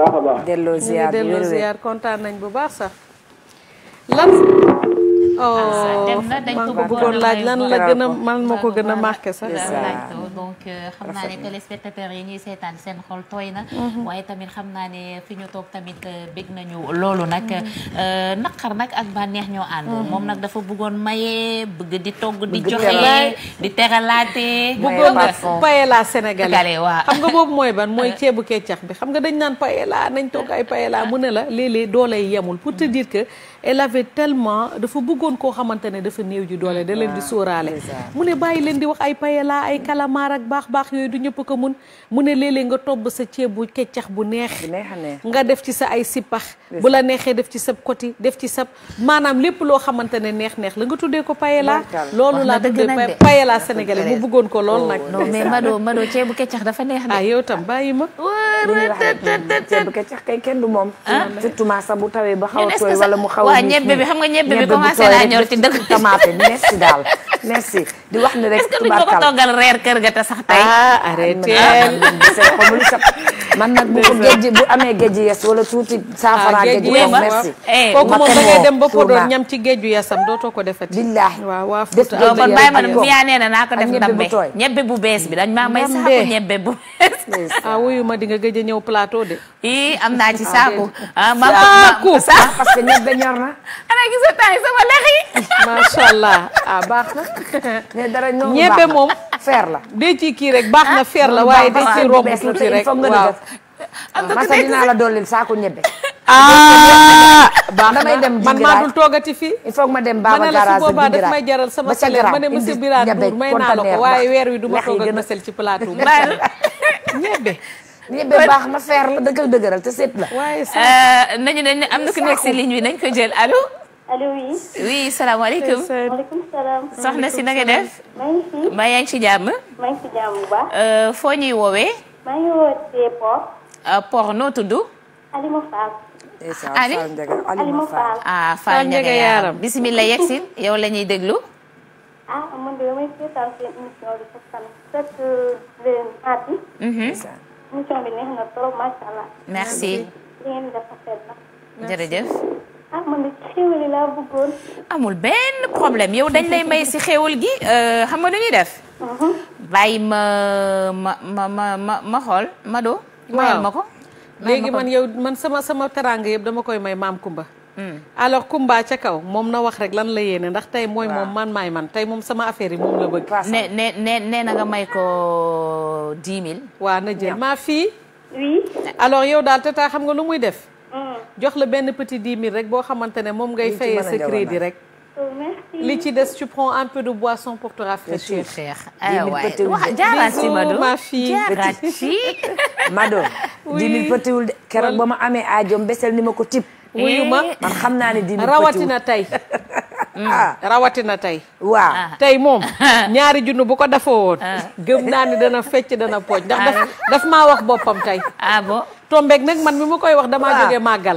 delloo ziar delloo kontaan nañ bu baax sax Oh, dem na dañ ko bëggoon laaj lan la gën a man ma ko gën a marqué sax donc euh, xam naa ne téléspectateurs yi ñuy seetaan seen xol tooy na mhm. waaye tamit xam naa ne fi ñu toog tamit euh, bég nañu loolu nag mhm. euh, naqar nag ak bànneex ñoo ànd mhm. moom nag dafa bëggoon maye bëgg di togg di joxe di teralaate bëggoon paella sénégalais waaw xam nga boobu mooy ban mooy ceebu keccax bi xam nga dañ naan paella nañ togg ay paella mu ne la léeg-léeg doolay yemul pour te dire que elle avait tellement dafa buggoon koo xamante ne dafa néew ji doole da leen di ah, sóoraale mu ne bàyyi leen di wax ay payela ay kalamaar ak baax baax yooyu du ñëpp ko mun mu ne léeg-léeg nga tobb sa ceeb bu keccax bu neex nga def ci sa ay sippax bu la neexee def ci sab koti def ci sab maanaam lépp loo xamante ne neex neex la nga tuddee ko payela loolu laa tuddee payela sénégalais mu bëggoon ko lool oh, nag non mais Mado ceebu keccax dafa neex ah yow tam bàyyi ma ceebu keccax kay kenn du moom ah? surtout sax bu tawee ba xaw a tooy mu xaw waaw ñebbe bi xam nga ñebbe bi commencé naa ñor ci dëkk tamaate merci daal merci di wax ni rek tubaab est-ce que duñ ko ko toggal reer kër ga te sax tey ah man nag bu amee géej yes wala tuuti saafara ah, géej yes merci kooku moom da ngay dem ba Podor ñam ci géeju yesam dootoo ko defati billaahi waaw waa Fuuta kon bàyyi ma ne ñebbe bu bees bi dañ maa may saaku ñebbe bu bees ah, ma di nga a ñëw plateau am naa ci ah, saaku que ñebbe ñor sama lex yi allah ah baax na ñebbe moom fer la. denc kii rek baax na fer la ah, waaye denc romb tuuti rek waaw. masa ah, dinaa la dollil saako ñebe. Ah! baax na man maa dul toogati fii. il faut ma dem baaba garage bi daf may ma ne monsieur Birane Ndour may naa la ko waaye weer wi du ma toog ak ma sel ci plateau bàyyi ñebe. ñebe baax na fer la dëggal dëgëral te set la. waaye euh, nañu ne am na ku nekk si ligne bi nañ ko jël allo oui. oui salaamaaleykum. maaleykum soxna si na def. maa ngi si. jàmm. Euh, foo ñuy woowee. maa ngi euh, noo tudd. Alima Fall. Eh, Ali Alima ah Fall Ndiaga Yaram bisimilah yegg yow la déglu. Ah, euh, mhm. merci. li ah man amul benn problème yow dañ lay may si xéwal gi euh, xam nga nu ñuy def. Mhm. bàyyi ma ma ma ma ma ma xool Mado. mayal ma ko léegi man yow man sama sama teraanga yëpp dama koy may maam Kumba. Hmm. alors Kumba ca kaw moom na wax rek lan la yéene ndax tey mooy moom man maay man tey moom sama affaire yi moom la bëgg. ne ne ne nee na nga may ko 10 000. waaw na jël maa fii. oui. alors yow daal tata xam nga lu muy def. jox la benn petit dix mille rek boo xamante ne moom ngay fayee sa crédit rek oh, li ci des tu prends un peu de boisson pour te rafraîchir. xeex aywaay jaaraati ma fille jaaraati. Mado. oui dix mille pëtiwul de keroog ba ma amee aajoom besel ni ma ko tib. wuyu ma xam naa ne dix mille pëtiwul rawatina tey. Mm. Ah. rawatina tey. waaw ah. tey moom ah. ñaari junnu bu ko dafa woon. gëm naa ni dana fecc dana pooj ndax daf daf maa wax boppam tey. ah bon tombeeg nag man mi ma koy wax damaa jógee màggal.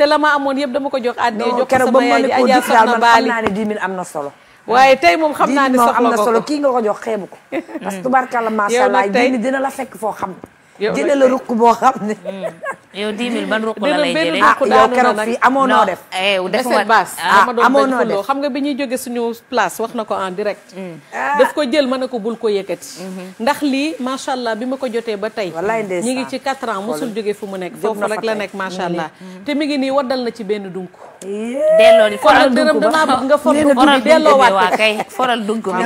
te la ma amoon yëpp dama ko jox àddee jox ko sama yaay ji Adja Soxna Baali naa ne am na solo. waaye tey moom xam naa ne soxla ko na solo kii nga ko jox xeebu ko. Mm. parce que tubaarkàlla macha dina la fekk foo xam. jëlee la rukk boo xam ne. Hmm. yow 10 000 ban rukk la lay jëlee ah yow keroog fii amoo noo def. Eh, defuma ah, ah amoo noo def xam nga bi ñuy jóge suñu place wax na ko en direct. Hmm. Ah. daf ko jël ma ne ko bul ko yëkkati. Hmm. ndax lii macha allah bi ma ko jotee ba tey. wallaay ndeysaan ñi ngi ci 4 ans mosul jóge fu mu nekk. foofu rek la nekk macha allah. te mi ngi nii waddal na ci benn dunk. delloo di foral dugg ba nga foral dugg bi waa kay foral dugg bi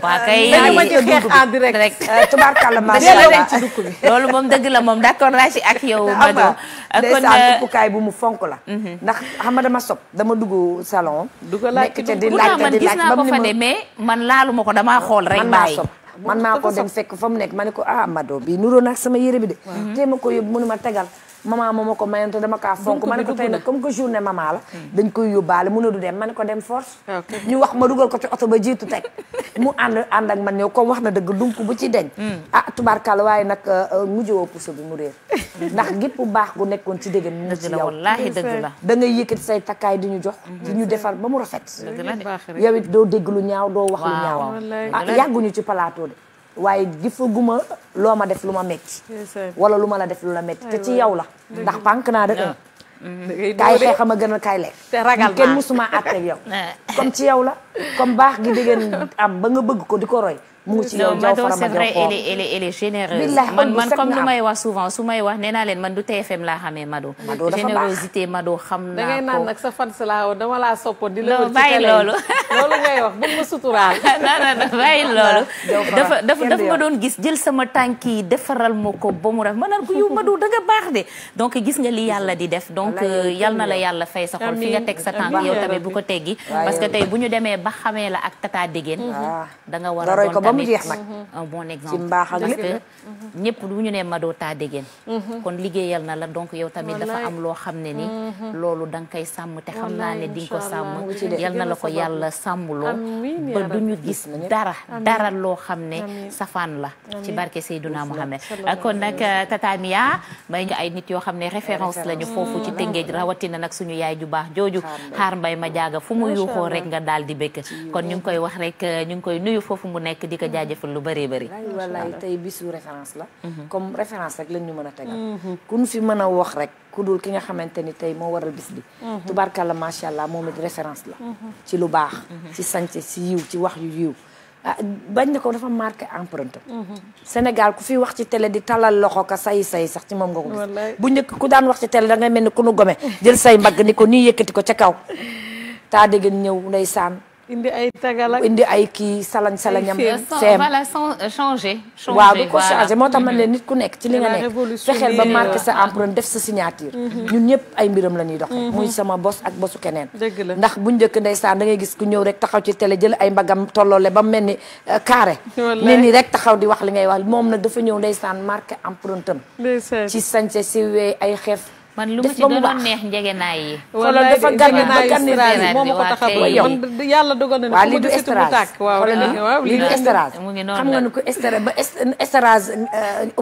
waa kay ma ci xeex en direct tubaarkàlla ma bi loolu moom dëgg la moom d'accord naa ci ak yow Mado euh, bu mu fonk la mhm. ndax xam nga dama sob dama dugg salon dugg laaj te di laaj man gis naa ko fa de mais man laalu ma ko damaa xool rek bàyyi man maa ko dem fekk fa mu nekk ma ne ko ah Mado bi nuroo nag sama yére bi de mhm. tee ma ko yóbbu mënu ma tegal maman moom ma ko mayoon te dama kaa fonk ma ko tey nag comme que journée maman la dañ koy yóbbaale mu ne du dem ma ne ko dem force ñu wax ma dugal ko ci oto ba jiitu teg mu ànd ànd ak man ñëw comme wax na dëgg dunk bu ci deñ hmm. ah tubaarkàlla waaye nag euh, euh, mujjewoo puso bi mu réer ndax bu baax gu nekkoon ci dégg mu ci yow wallaahi dëgg la da ngay yëkkati say takkaay di ñu jox hmm. di ñu defar ba mu rafet yow it doo dégg lu ñaaw doo wax lu ñaaw ah yàgguñu ci palaatoo de waaye gisaguma loo ma def lu ma metti wala lu ma la def lu la metti te ci yow la ndax pànk naa de un ah. mm, kaay xeex ma gën a kaay lekk te ragal naa kenn musuma àtteeg yow comme ci yow la comme baax gi di am ba nga bëgg ko di ko roy mu ngi ci yow jaw ma jaw foofu elle man comme lu may wax souvent su may wax nee naa leen man du TFM laa xamee Mado. Mado madoo xam naa ko. da sa fan si laa di la wër ci bàyyi loolu. loolu ngay wax bëgg ma suturaal. non non bàyyi loolu. dafa dafa ma doon gis jël sama tànk yi defaral ma ko ba mu raf ma naan ko yow Mado da baax de. donc gis nga li yàlla di def donc yal euh, na la yàlla fay sa xol fi nga teg sa tànk yow tamit bu ko teggi parce que tey bu ñu demee ba xamee la ak tata dégéen mm-hmm. da war a doon mu jeex nag mhm. un bon exemple ci mbaax ak lépp ñëpp ñu ne Mado taa mhm. kon liggéeyal na la donc yow tamit dafa am loo xam ne ni mhm. loolu da nga sàmm te xam naa ne di ko sàmm yal na la ko yàlla sàmmloo ba du ñu gis dara dara loo xam ne safaan la ci barke Seydouna Mohamed kon nag Tata Mia may ñu ay nit yoo xam ne référence lañu foofu ci mm-hmm. Tëngéej rawatina nag suñu yaay ju baax jooju xaar mbay ma jaaga fu mu yuuxoo rek nga daal di békk kon ñu ngi koy wax rek ñu ko jaajëfal lu bëree bëri. wallaay tey bisu référence la. Mhm. comme référence rek lañ ñu mën a tegal. Mhm. ku ñu fi mën a wax rek ku dul ki nga xamante ni tey moo waral bis bi. Mhm. tubaarkàlla macha allah moom it référence la. ci lu baax. ci sànce si yiw ci wax yu yiw. Ah, bañ na ko dafa marqué empreinte Sénégal ku fi wax ci télé di talal loxo ka say say sax ci moom nga ko bu njëkk ku daan wax ci télé da ngay mel ni ku nu gome jël say mbagg ni ko nii yëkkati ko ca kaw taa indi ay tagal ak indi ay kii salañ salañam. seem waaw du ko changer moo tax man leen nit ku nekk ci li nga nekk. fexeel ba marqué sa euh, empreinte def sa signature. Mhm. ñun ñëpp ay mbiram la ñuy dox mhm. muy sama bos ak bosu keneen. ndax bu njëkk ndeysaan da ngay gis ku ñëw rek taxaw ci télé jël ay mbagam tolloole ba mel ni euh, carré. wallaay ni rek taxaw di wax li ngay wax moom na dafa ñëw ndeysaan marqué empreinte am. ci sañse si wee ay xeef. man lu ma ci gënoon neex njegenaay yi. wala dafa gànnaay ba gànnaay bi moom ko tax a man yàlla dogal na ne li du estrage xam nga ni ko estrage ba euh, estrage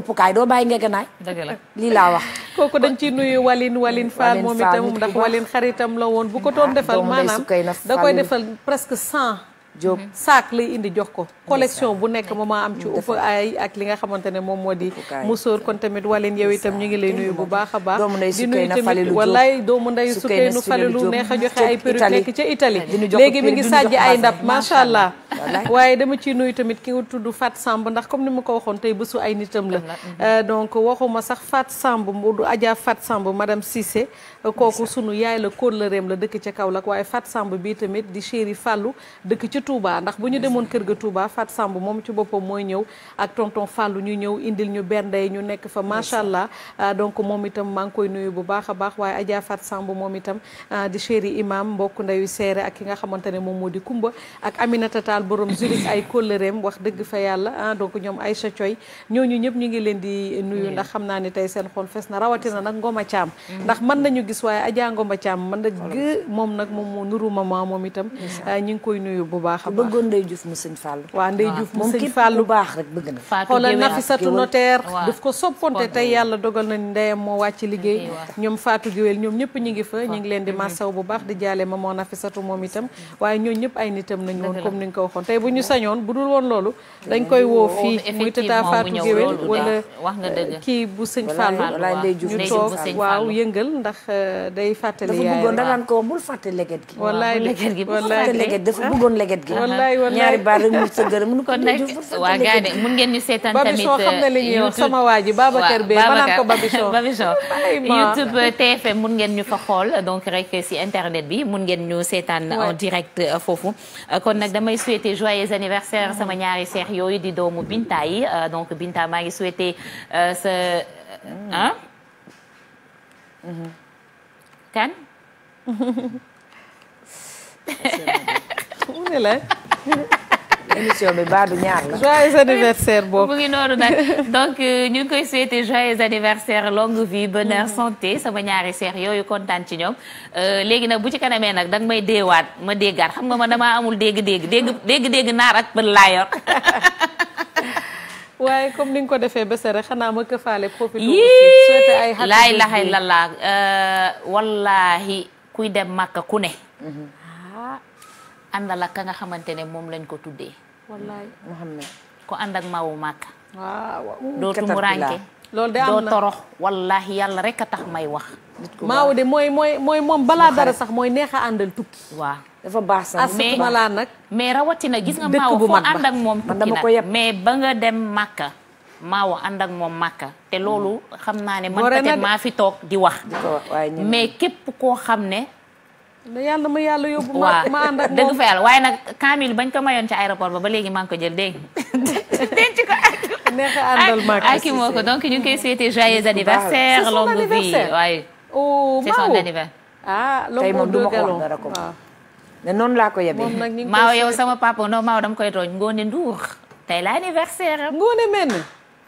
uppukaay doo bàyyi njegenaay. la lii laa wax. kooku dañ ciy nuyu Waline Waline Fall moom itam ndax Waline xaritam la woon bu ko doon ah, defal maanaam da koy defal presque cent. Diop mhm. saak lay indi jox ko collection bu nekk moom am ci upp ay ak li nga xamante ne moom moo di musóor kon tamit waleen yow itam ñu ngi lay nuyu bu baax a baax di nuyu tamit wallaay doomu nday sukkay nu falilu neex a joxe ay perruque nekk ca Italie léegi mi ngi sàjj ay ndab macha allah waaye dama ciy nuyu tamit ki nga tudd Fat sàmb ndax comme ni ma ko waxoon tey bésu ay nitam la euh, donc waxuma sax Fat Samb mu du Adja Fat Samb madame Cissé euh, kooku sunu yaay la kóllëreem la dëkk ca Kaolack waaye Fat Samb bii tamit di chéri Fallou dëkk ca Touba ndax bu ñu demoon kër ga Touba Fat Samb moom ci boppam mooy ñëw ak tonton Fallou ñu ñëw indil ñu bernday ñu nekk fa macha allah euh, donc moom itam maa ngi koy nuyu bu baax a baax waaye Adja Fat Samb moom itam di chéri imam mbokk ndeyu seere ak ki nga xamante ne moom moo di Kumba ak Aminata Fall borom Zurich ay kóllëreem wax dëgg fa yàlla ah donc ñoom Aïcha Thioy ñooñu ñëpp ñu ngi leen di nuyu ndax xam naa ni tey seen xol fees na rawatina nag Ngoma Thiam mm-hmm. ndax mën nañu gis waaye Adja Ngoma Thiam mën na gë moom moo nuru maman moom itam ah, ñu ngi koy nuyu bu baax a baax bëggoon Ndey Diouf mu sëñ Fall waaw Ndey ah, Diouf mu sëñ Fall lu baax rek na xoolal Nafisatu notaire daf ko sopponte tey yàlla dogal na ndeyam moo wàcc liggéey ñoom Fatou Guewel ñoom ñëpp ñu ngi fa ñu ngi leen di massaw bu baax di jaale maman Nafisatu moom itam waaye ñooñu ñëpp ay nitam nañ woon comme ni nga waxoon tey bu ñu sañoon bu dul woon loolu dañ koy woo fii muy tata Fatou Géwél wala eh, kii bu sëñ Fallou ñu toog waaw yëngal ndax eh, day fàttali yaay dafa bëggoon danaan ko bul fàtte leget gi wallaay wallaay leget dafa bëggoon leget gi wallaay wallaay ñaari baar rek mu ko waa gaa de ngeen ñu seetaan tamit euh, sama waa ji Babacar Bey ma naan ko Babichon Babichon YouTube euh, TFM mun ngeen ñu fa xool donc rek si internet bi mun ngeen ñu seetaan en direct euh, foofu kon nag damay souhaité joyeux anniversaire sama ñaari seex yooyu di doomu Binta yi euh, donc Binta maa ngi souhaité euh, mm. mm-hmm. kan émission bi baadu ñaar la. joyeux anniversaire boobu. mu ngi noonu nag donc euh, ñu ngi koy souhaiter joyeux anniversaire longue vie bonheur mm-hmm. santé sama ñaari seex yooyu kontaan ci ñoom. Euh, léegi nag bu ci kanamee nag danga may deewaat ma déggaat xam nga ma damaa amul dégg-dégg dégg dégg-dégg naar ak bët laa yor. comme ni ko defee bese rek xanaa ma këfaale. profité aussi souhaiter ay. xarit laay laxay lala wallaahi kuy dem màkka ku ne. Mm-hmm. àndal ak ka nga xamante ne moom lañ ko tuddee. ko ànd ak maawu màkka. waaw doo tumuraanke loolu de am na doo yàlla rek a tax may wax. maaw mooy mooy mooy moom balaa dara sax mooy neex a àndal tukki. waaw dafa baax sax mais rawatina gis nga maaw foo ànd ak moom. tukki nag mais ba nga dem màkka. maaw àndak moom màkka te loolu xam naa ne. man peut-être maa fi toog di wax. mais képp koo xam ne. yàlla ma yàlla yóbbu. ma ma ànd ak moom dëgg fa yàlla waaye nag Kamil bañ ko mayoon ci aéroport ba ba léegi maa ko jël dégg denc ko ak. neex a àndal ak kii ko donc ñu koy souhaiter joyeux anniversaire. c'est son anniversaire waaye. oh Maaw c'est son anniversaire. ah tey moom du ma ko wax ah. noonu laa ko yebee. moom nag ñu ngi koy yow sama papa koy tooñ Ngone tey la anniversaire am. men.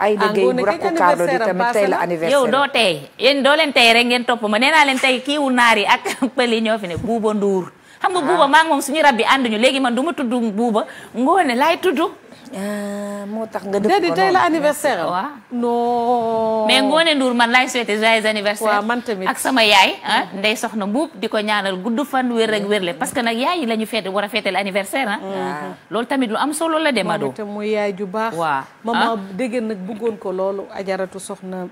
ay dëggee bu rakku Carlo di tamit la anniversaire yow doo tey yéen doo leen tey rek ngeen topp ma nee naa leen tey kii wu naar yi ak pël yi ñoo fi ne buuba nduur xam nga buuba ah. maa ngi moom suñu rab bi ànduñu léegi man du ma tudd buuba ngoone laay tudd Ah, moo tax nga dëpp ko déedéet tey la anniversaire am. Ah. mais Ngoné Ndour man laay souhaité joyeux anniversaire. waaw man tamit ak sama yaay. ah ndey soxna Mbuub di ko ñaanal gudd fan wér ak wérle parce que nag yaay yi la ñu féete war a féetal anniversaire ah. Mm-hmm. loolu tamit lu am solo la demado. moom itam muy yaay ju baax. waa waaw maman ah. dégg nag bëggoon ko loolu a ajaratu soxna.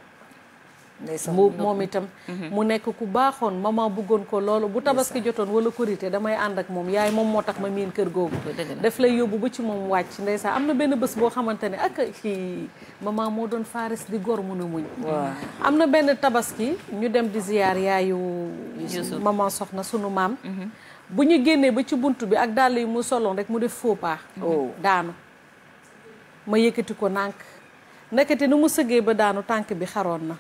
mu moom itam mhm. mu nekk ku baaxoon ma maman bëggoon ko loolu bu tabaski jotoon wala korité damay ànd ak moom yaay moom moo tax ma miin kër googu daf lay yóbbu ba ci moom wàcc ndeysaan am na benn bës boo xamante ne ak ci maman moo doon faaris di gor mun a muñ am na benn tabaski ñu dem di ziyaar yaayu maman soxna sunu maam mhm. bu ñu génnee ba ci bunt bi ak dàll yi mu soloon rek mu def foo pas oh. daanu ma yëkkati ko nànk ndekete nu mu sëggee ba daanu tànk bi xaroon na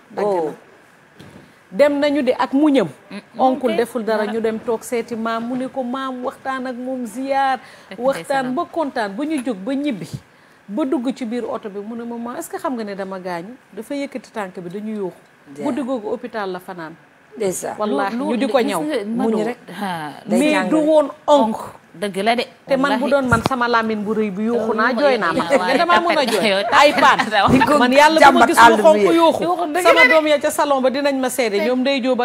dem nañu di ak muñam onkul deful dara ñu dem toog seeti maam mu ne ko maam waxtaan ak moom ziyaar waxtaan ba kontaan ba ñu jóg ba ñibbi ba dugg ci biir oto bi mu ne ma est-ce que xam nga ne dama gaañu dafa yëkkati tànk bi dañu yuuxu guddi googu hôpital la fanaan wallaahi ñu di ko ñaw muñ rek mais du woon onk dëgg la de te man bu doon man sama làmmiñ bu rëy bu yuuxu naa jooy naa man waaye damaa mën a jooy ma gis lu xonk yuuxu sama ba dinañ ma seede ñoom day jóob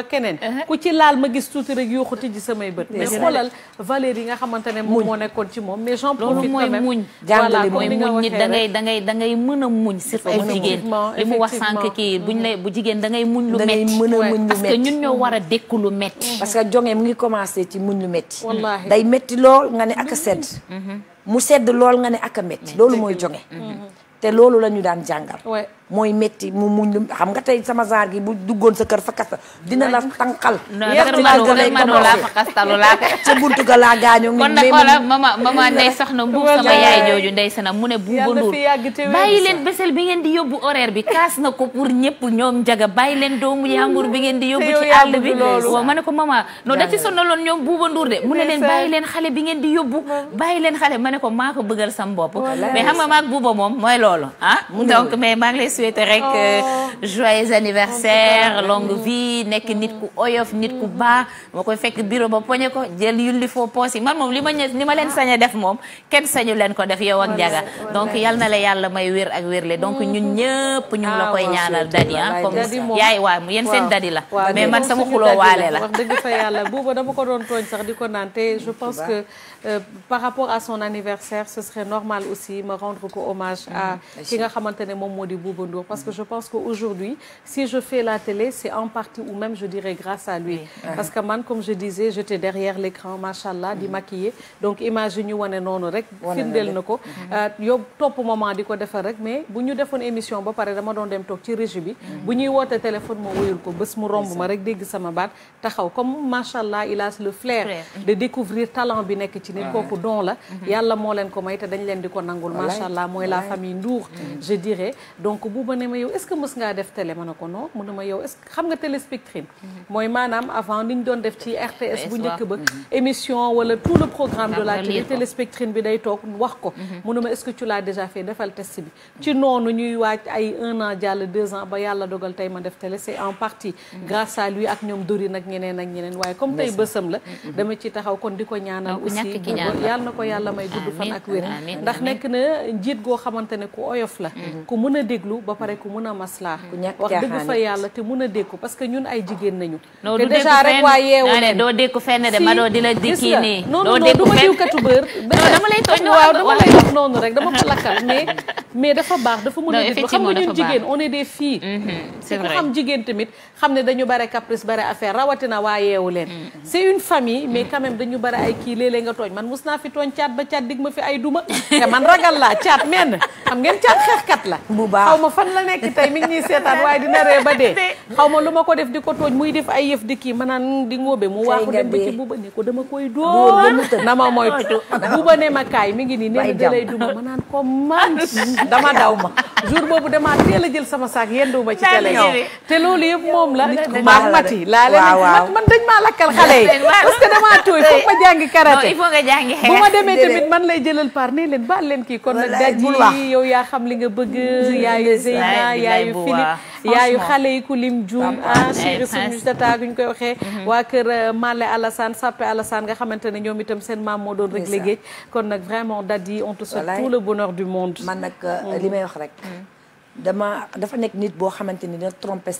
ma gis tuuti rek yuuxu tijji samay bët yi nga xamante ne moom moo nekkoon ci moom mais j'en profite quand même muñ jàngale mooy muñ nit da ngay da ngay da ngay mën a mu da ngay muñ lu metti mën a muñ parce que que jonge mu ngi commencé ci muñ lu metti day metti loo lool nga ne ak a sedd mhm. mu sedd lool nga ne ak a métti loolu mooy joge mhm. te loolu la ñu daan jàngal mooy metti mu muñ xam nga tey sama genre gi bu duggoon sa kër fa kasta dina la tànqal. yéex ci laa gëlay commencé ca buntu ga laa gaañoo. kon nag xoolal mama mama ndey soxna mbuub sama yaay jooju ndey sana mu ne buuba nduur bàyyi leen bi ngeen di yóbbu horaire bi kaas na ko ñëpp ñoom njaga bàyyi leen doomu yaambur bi ngeen di yóbbu ci àll bi waaw ma ko mama non da ci sonaloon ñoom buuba nduur de mu ne leen bàyyi leen xale bi ngeen di yóbbu bàyyi leen xale ma ne ko maa ko bëggal sam bopp mais xam nga maag buuba moom mooy loolu ah donc mais maa ngi souhaiter rek euh, oh. joyeux anniversaire longue vie nekk nit ku oyof nit ku baax moo koy fekk bureau ba poñe ko jël yulli foo poos yi man moom li ma ñe li ma leen sañ a def moom kenn sañu leen ko def yow ak jaga donc la yàlla may wér ak wérle donc mm. ñun ñëpp ñu ngi la ah, koy ñaanal dadi ah comme yaay waa mu yéen seen dadi la mais man sama xuloo waale la wax dëgg fa yàlla buuba dama ko doon tooñ sax di ko naan te je pense que euh, par rapport a son anniversaire ce serait normal aussi ma rendre ko hommage à mm. ki nga xamante moom moo di buuba Youssou Ndour parce que mm. je pense qu'aujourd'hui si je fais la télé c'est en partie ou même je dirais grâce à lui parce ah. que man comme je disais j'étais derrière l'écran machallah di mm. maquiller donc image yi ñu wane noonu rek firndeel na ko mm-hmm. euh, yow topp moment di ko defar rek mais bu ñu defoon émission ba pare dama doon dem toog ci régie bi mm-hmm. bu ñuy woote téléphone ma wuyul ko bés mu romb ma rek dégg sama baat taxaw comme machallah il a le flair mm-hmm. de découvrir talent bi nekk ci nit ah. kooku don la yàlla moo leen ko may dañ leen di ko nangul machallah mooy la buuba ne ma yow est-ce que mës ngaa def télé ma ne ko non ma yow est-ce que xam nga télé mhm. mooy maanaam avant li doon def ci RTS bu njëkk ba mhm. émission wala tout le programme de la télé télé bi day toog wax ko mhm. mu ne ma est-ce que tu l'as déjà fait defal test bi ci noonu ñuy waaj ay un an jàll deux ans ba yàlla dogal tey ma def tele c'est en partie grâce à lui ak ñoom Dori nag ñeneen ak ñeneen waaye comme tey bësam la dama ci taxaw kon di ko ñaanal aussi yàlla na ko yàlla may gudd fan ak wér ndax nekk na goo xamante ne ku oyof la ba pare ku mun a maslaa mm. wax dëgg fa te mun a dékku parce que ñun ay jigéen nañu te déjà rek waa yeewu nañu doo dékku fenn de ma doo di la dama lay tooñ noonu rek dama ko mais mais dafa baax dafa mën a dékku xam nga ñun jigéen on est des filles mm-hmm. c'est xam jigéen tamit xam ne dañu bare caprice bare affaire rawatina waa yeewu leen mm-hmm. c'est une famille mais mm-hmm. quand même dañu bare ay kii léeg-léeg nga tooñ man mus naa fi tooñ caat ba caat dig ma fi ay duma te man ragal laa caat menn la fan la nekk tey mi ngi ñuy seetaan waaye dina ree ba dee xaw ma lu ma ko def di ko tooj muy def ay yëf di kii manaan di ngóobe mu waaxu dem ba ci buuba ne ko dama koy dóor na ma moytu buuba ne ma kaay mi ngi nii nee na dalay duma manaan ko man dama daw ma jour boobu dama teel a jël sama saak yendu ma ci télé te loolu yëpp moom la maak mati laa leen man dañ maa lakkal xale yi parce que dama tooy foog ma jàngi karaté bu ma demee tamit man lay jëlal par ne leen yaa xam li nga bëgg yaay Zeyna yaayu Philippe yaayu xale yi ku lim Dioum ah chéri suñu tata guñ koy waxee mhm. waa kër euh, Malé Alassane Sappé Alassane nga xamante ne ñoom itam seen maam moo doon rek liggéey kon nag vraiment Dadi on te souhaite tout le bonheur du monde man nag euh, mhm. li may wax rek mhm. dama dafa nekk nit boo xamante ni dina trompé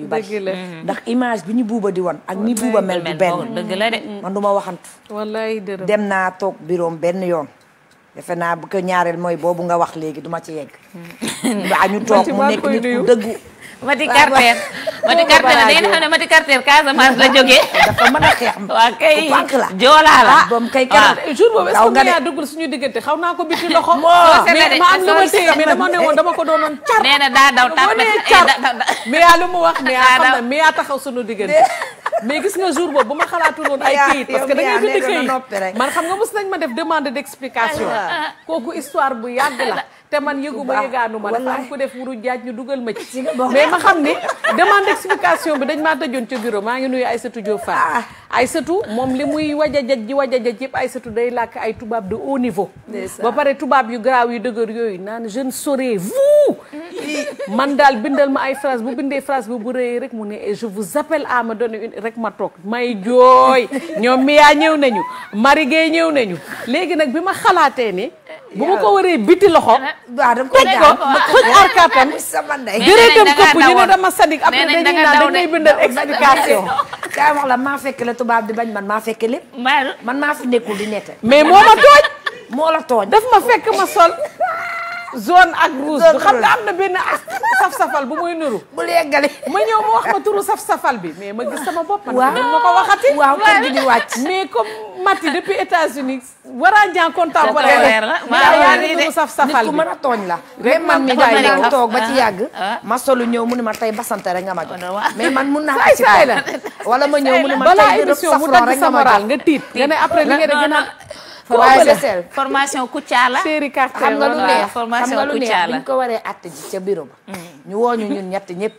yu bari ndax image bi ñu buuba di woon ak ni buuba mel du benn man du ma waxantu dem naa toog biroom benn yoon defe naa bu ko ñaareel mooy boobu nga wax léegi duma ci yegg. waa hmm. ñu toog mu nekk nit ku dëggu. ma Carter Mati Carter da ngeen xam ne Mati Carter la jógee. dafa mën a xeex waa kay joola la doom ah, kay kanam ah. boobu suñu diggante xaw naa ko biti loxo. moo ma am lu ma téye mais dama dama ko doonoon car. nee na daa daw tàmpet mais yaa lu mu wax mais yaa xam ne mais yaa taxaw suñu diggante. mais gis nga jour boobu ba ma xalaatu woon ay kayit parce que da ngay bind kayit man xam nga mos nañ ma def demande d'explication kooku histoire bu yàgg te man yëguma yëgaanu ma dafa am ko def wuru jaaj ñu dugal ma ci mais ma xam ni demande d'explication bi dañ maa tëjoon ca bureau maa ngi nuyu Aïssatou Diop Fall ah. Aïssatou moom li muy wajajaj ji wajajaj yëpp Aïssatou day làkk ay tubaab de haut niveau ba pare tubaab yu garaaw yu dëgër yooyu naan jeune ne saurais vous mm. man daal bindal ma ay phrase bu bindee phrase bu bu rëy rek mu ne je vous appelle à une rek ma toog may jooy ñoom miyaa ñëw nañu marigéey ñëw nañu léegi nag bi ma xalaatee ni bu ma ko waree biti loxo ah, tëj ko xëj arkaatam gëreetam këpp ñu ne dama am après dañuy naan dañuy bindal explication kaay wax la maa fekke la tubaab di bañ man maa fekke lépp man maa fi nekkul di nette mais moo ma tooñ la tooñ daf ma fekk ma sol zone ak rouge bi xam nga am na benn as saf-safal bu muy nuru. bu yeggale ma ñëw ma wax ma turu saf-safal bi mais ma gis sama bopp. waaw ma ko waxati. waaw kon di wàcc. mais comme Mati depuis la waaw turu a ma ba ci ah, yàgg. Ah, ah. ma solu ñëw mu ne ma tey basante rek nga ma jox. mais man mun naa ci la wala ma ñëw mu ma tey rek safran rek nga sa moral nga tiit. nga ne après li nga def gën a waaye formation Kouthia la série carte xam nga lu neex xam nga lu neex bi ñu ko waree àtte ji ca bureau ba ñu wooñu ñun ñett ñëpp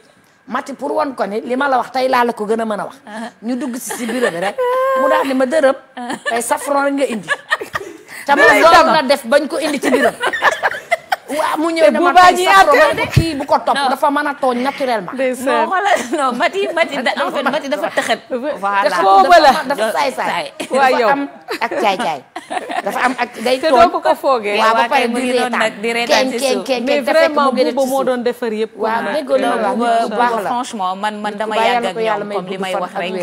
mati pour won ko ni li ma la wax tey laa la ko gën a mën a wax ñu dugg si si bureau bi rek mu daal ni ma dërëm tey safron nga indi te moom loolu def bañ ko indi ci biiram waaw mu ñëw dama tey safron kii bu ko topp dafa mën a tooñ naturellement non xoolal non mati mati en fait mati dafa tëxat voilà dafa saay saay dafa am ak caay caay dafa am ak day tooñ te doo ko ko foogee. waaw ba pare di reetaan di reetaan ci suuf mais vraiment buuba moo doon defar yëpp. waaw dëgg la buuba franchement man man dama yàgg ak ñoom comme may wax rek.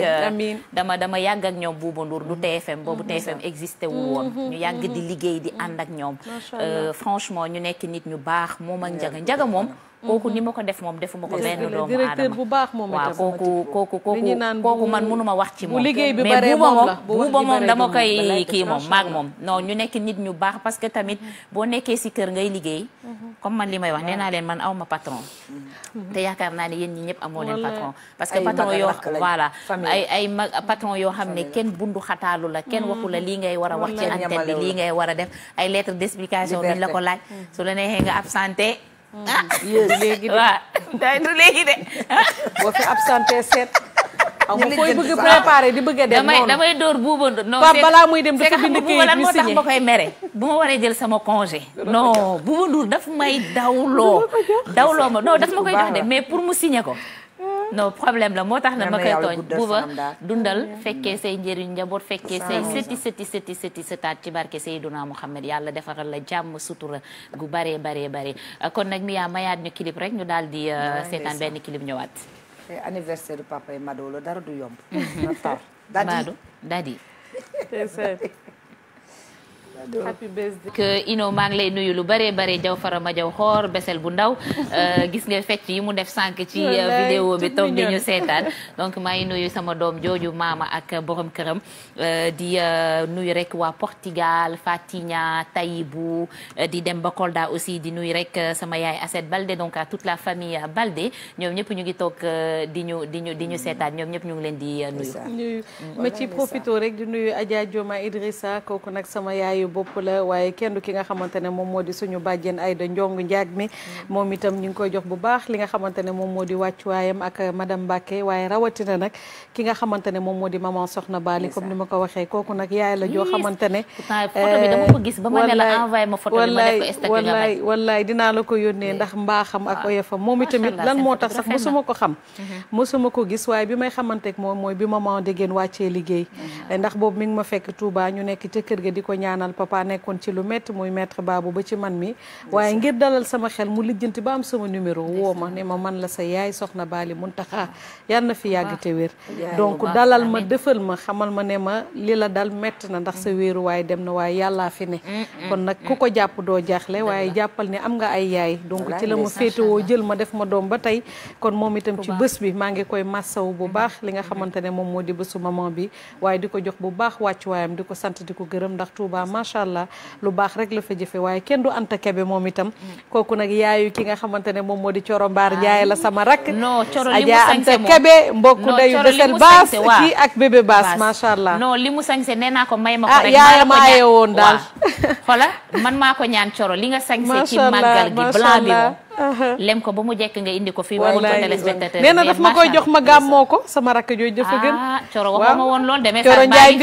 dama dama yàgg ak ñoom Buuba Ndour du TFM boobu TFM existé wu woon. ñu mm-hmm. yàgg di liggéey di ànd ak ñoom. franchement ñu nekk nit ñu baax moom ak Njaga Njaga moom. kooku mhm. ni ma ko def moom defuma ko benn doomu aadama bu baax moom waaw kooku kooku kooku kooku man mënuma wax ci moom mais buuba moom buuba moom dama koy kii moom maag moom non ñu nekk nit ñu baax parce que tamit mhm. boo nekkee si kër ngay liggéey mhm. comme man li may wax nee naa leen man aw ma patron te yaakaar naa ne yéen ñi ñëpp amoo leen patron parce que patron yoo voilà ay ay mag patron yoo xam ne kenn bundu xataalu la kenn waxu la lii ngay war a wax ci antenne bi lii ngay war a def ay lettre d'explication duñ la ko laaj su la neexee nga ah yéen léegi de waaw du léegi de. boo fi absenté seet. am nga koy bëgg préparé di bëgg a dem noonu damay door buuba non Pape balaa muy dem dafa bind kayit bi signé moo tax ma koy mere bu ma waree jël sama congé non buuba Ndour daf may dawloo dawloo ma non daf ma koy jox de mais pour mu signé ko non problème la moo tax na ma koy tooñ bu ba dundal fekkee say njëriñ njaboot fekkee say sëti sëti sëti sëti sëtaat ci barke Seyduna Muhammad yàlla defaral la jàmm sutura gu baree baree bare kon nag mi yaa mayaat ñu clip rek ñu daal di euh, seetaan benn clip ñëwaat anniversaire papa yi Madolo dara du yomb na tar dadi dadi happy birthday que Ino maa ngi lay nuyu lu bare bare jaw fara jaw xoor besel bu ndaw euh, gis nga fecc yi mu def sànq ci euh, vidéo bi toog di ñu seetaan donc maa ngi nuyu sama doom jooju maama ak borom këram euh, di nuyu rek waa Portugal Fatigna Tayibu di dem ba Kolda aussi di nuyu rek sama yaay Asset Balde donc à la famille Balde ñoom ñëpp ñu ngi toog di ñu di ñu di ñu seetaan ñoom ñëpp ñu ngi leen di nuyu ma ci profito rek di nuyu Adja Dioma Idrissa kooku nag sama yaayu bopp la waaye kenn du ki nga xamante ne moom moo di suñu bàjjen Aïda Ndiongue Ndiaye mi moom itam ñu ngi koy jox bu baax li nga xamante ne moom moo di wàccuwaayam ak madame Mbacké waaye rawatina nag ki nga xamante ne moom moo di maman Soxna Bali comme ni ma ko waxee kooku nag yaay la joo xamante ne photo bi dama ko gis ba ma ne la euh, ma photo bi ma def ko statut wallaay wallaay dinaa la ko yónnee ndax mbaaxam ak ah, oyofam moom itamit lan moo tax sax mosuma ko mhm. ko gis waaye bi may xamante moom mooy bi maman déggeen wàccee liggéey mhm. ndax boobu mi ma fekk Touba ñu nekk ca kër ga di ko ñaanal papa nekkoon ci lu métti muy maître baabu ba ci man mi waaye ngir dalal sama xel mu lijjanti ba am sama numéro woo ma ne ma man la sa yaay soxna Baali Muntaxa yal na fi yàgg te wér donc dalal ma defal ma xamal ma ne ma li la dal métti na ndax sa wéeru dem na waaye yàllaa fi ne mm, mm, mm, kon nag ku ko jàpp doo jaaxle waaye jàppal ne am nga ay yaay donc ci la ma féetewoo jël ma def ma doom ba tey kon moom itam ci bës bi maa ngi koy massaw bu baax li nga xamante ne moom moo di bésu maman bi waaye di ko jox bu baax wàccuwaayam di ko sant di ko gërëm ndax Tuubaa macha allah lu baax rek la fa jëfe waaye kenn du Anta Kebe moom itam kooku nag yaayu ki nga xamante ne moom moo di Coro Mbaar Njaay la sama rak Adja Anta Kebe mbokku dayu Besel Baas kii ak bébé Baas macha allah non li mu sañse nee naa ko may ma ko ah, rek woon daal xoola man maa ko ñaan Coro li nga sañse ci màggal gi blanc bi moom lem ko ba mu jekk nga indi ko fii wala ko téléspectateur nee na ma koy jox ma gàmmoo ko sama rakk jooju dafa gën ah, coro waxoo ma demee coro njaay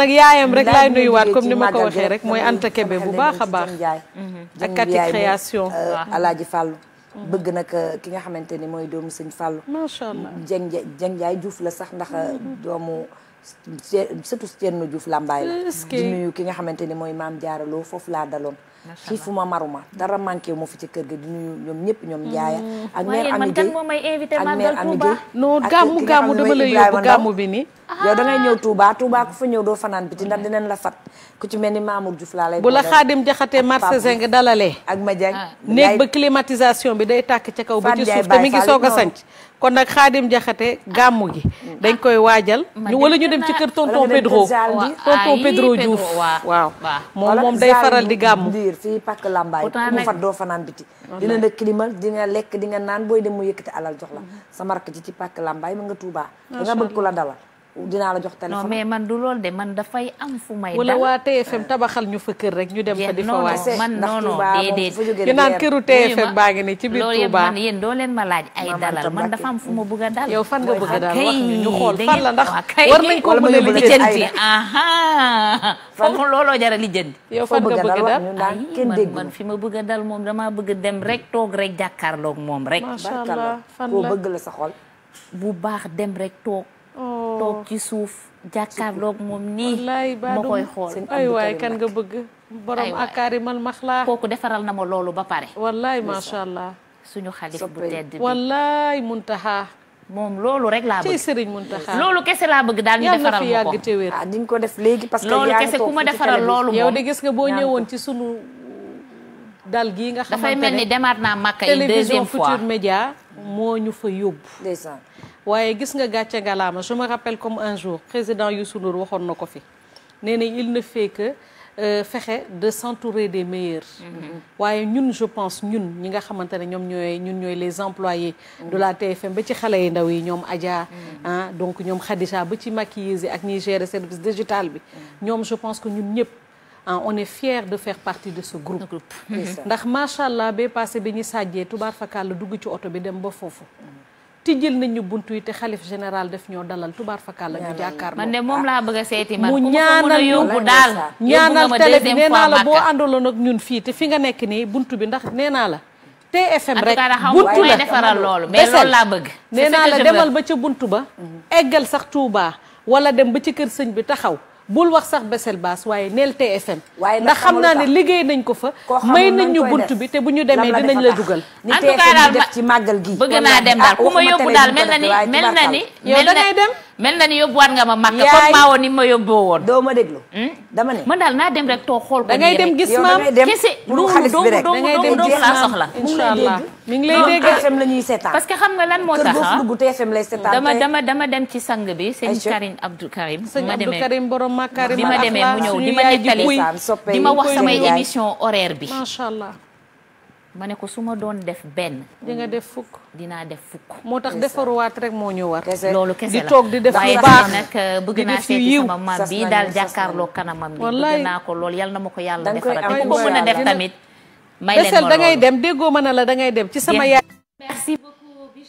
nag yaayam rek laay comme ni ma ko waxee rek mooy Anta Kebe bu baax a baax mhm. ak kati création euh, alaaji Fàllu mhm. bëgg nag ki nga xamante ni mooy doomu sëñ Fàllu macha allah jeng jeng juuf la sax ndax euh, mhm. doomu surtout Thierno Diouf Lambaye lambaay di nuyu ki nga xamante ni mooy maam jaaraloo foofu laa daloon xiifuma maruma dara manqué wu ma ci kër gi di ñoom ñëpp ñoom jaaya ak mm. mère Ami Gueye ak mère Ami Gueye non gàmmu gàmmu dama lay yóbbu gàmmu bi nii yow da ngay ñëw ah. Touba Touba ku fa ñëw doo fanaan biti ndax dinañ la fat ku ci mel ni Mamour Diouf laa lay bu la xaadim jaxatee marché zeng dalalee ak ma jang ah. néeg ba climatisation bi day tàkk ca kaw ba ci suuf te mi ngi soog a sanc kon nag xaadim jaxate gàmmu gi dañ koy waajal ñu wala ñu dem ci kër tonton Pedro tonton Pedro Diouf waaw moom moom day faral di gàmmu diir fii pàkk làmbaay ku mu fat doo fanaan biti dina la climal dina lekk di nga naan booy dem mu yëkkati alal jox la sa mark ci ci pàkk làmbaay ma nga Tuubaa da nga bëgg ku la dalal dinaa jox téléphone. non mais man du loolu de man dafay am fu may. wala waa TFM tabaxal ñu fa kër rek ñu dem fa di fa waay man non non déedéet ñu naan këru TFM baa ngi ni ci biir Touba man yéen doo leen ma laaj ay dalal man dafa am fu a dal. yow fan nga bëgg a dal wax ñu xool fan la ndax war nañ ko mën a lijjanti aha foofu looloo jar a lijjanti. yow fan nga bëgg a dal man man fi ma bëgg a dal moom damaa bëgg dem rek toog rek jàkkaarloog moom rek. macha allah fan la bëgg la sa xol bu baax dem rek toog toog ci suuf jàkkaarloog moom nii ma koy xool ay waay kan nga bëgg borom akaarimal maxlaa kooku defaral na ma loolu ba pare wallaay macha allah suñu xalif bu tedd bi wallaay muntaha moom loolu rek laa bëgg ci Serigne Muntaha loolu kese laa bëgg daal ñu defaral ma na fi yàgg te wér di ah, nga ko def léegi parce que loolu kese ku ma defaral loolu moom de gis nga boo ñëwoon ci sunu dal gii nga xamante mel ni demaat naa Makka yi deuxième fois télévision moo ñu fa yóbbu waaye gis nga gàcce ngalaama je me rappelle comme un jour président Youssou Ndour waxoon na ko fi nee na il ne fait que euh, fexe de s'entourer des meilleurs mm-hmm. Mm-hmm. waaye ñun je pense ñun ñi nga xamante ne ñoom ñooy ñun ñooy les employés de la TFM ba ci xale yi ndaw yi ñoom Adja mm-hmm. ah, donc ñoom Khadija ba ci maquilleuse yi ak ñiy gérer service digital bi ñoom je pense que ñun ñëpp ah, on est fier de faire partie de ce groupe ndax macha allah ba passé bi ñu sàjjee tubaar fakal la dugg ci oto bi dem ba foofu tijjil nañ ñu bunt yi te xalif général daf ñoo dalal tubaar fakal la ñu jàkkaar man de a seeti man mu ñaanal yóbbu daal ñaanal télé bi nee la boo àndaloon ak ñun fii te fi nga nekk nii bunt bi ndax nee naa la TFM rek buntu la defaral loolu mais laa bëgg nee naa la demal ba ca buntu ba eggal sax Touba wala dem ba ci kër sëñ bi taxaw bul wax sax Bessél baas waaye neel TFM ndax xam naa ne liggéey nañ ko fa may nañ ñu bunt bi te bu ñu demee dinañ la dugal en tout cas daal ci màggal gi bëgg naa dem daal ku ma yóbbu daal mel na ni mel na ni yow da ngay dem mel na ni yóbbuwaat nga ma màkk comme maawo ni ma yóbboo woon ma déglu hmm? dama man daal naa dem rek toog xool ko da ngay dem gis maam kese loolu doomu doomu doomu laa soxla inshallah mi ngi lay dégg TFM la ñuy seetaan parce que xam nga lan moo tax ah? dama dama dama dem ci sang bi sëñ Karim Abdou Karim sëñ Abdou Karim borom bi ma demee mu ñëw di ma nettali di ma wax samay émission horaire bi ma ne ko su ma doon def benn. di nga def fukk. dinaa def fukk. moo tax defaruwaat rek moo ñu war. loolu kese la di toog di def lu baax nag bëgg naa seeti sama maam bi daal jàkkaarloo kanamam bi. bëgg naa ko lool yal na ma ko yàlla defal ku ko mën a def tamit. may leen da ngay dem déggoo ma na la da ngay dem ci sama yaay.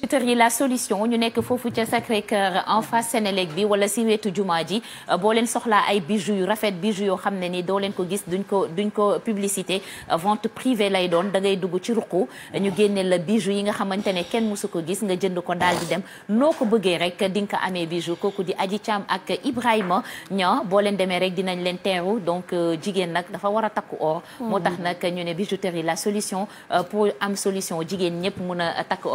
auditeurs la solution ñu nekk foofu ca Sacré Cœur en face Sénélec bi wala si wetu jumaa ji boo leen soxlaa ay bijoux yu rafet bijoux yoo xam ne ni doo leen ko gis duñ ko duñ ko publicité vente privée lay doon da ngay dugg ci ruqu ñu génneel la bijoux yi nga xamante ne kenn mësu ko gis nga jënd ko daal di dem noo ko bëggee rek dinga ko amee bijoux kooku di aji Thiam ak Ibrahima ña boo leen demee rek dinañ leen teeru donc euh, jigéen nag dafa war a takku or hmm. moo tax nag ñu ne bijouterie la solution euh, pour am solution jigéen ñëpp mun a takk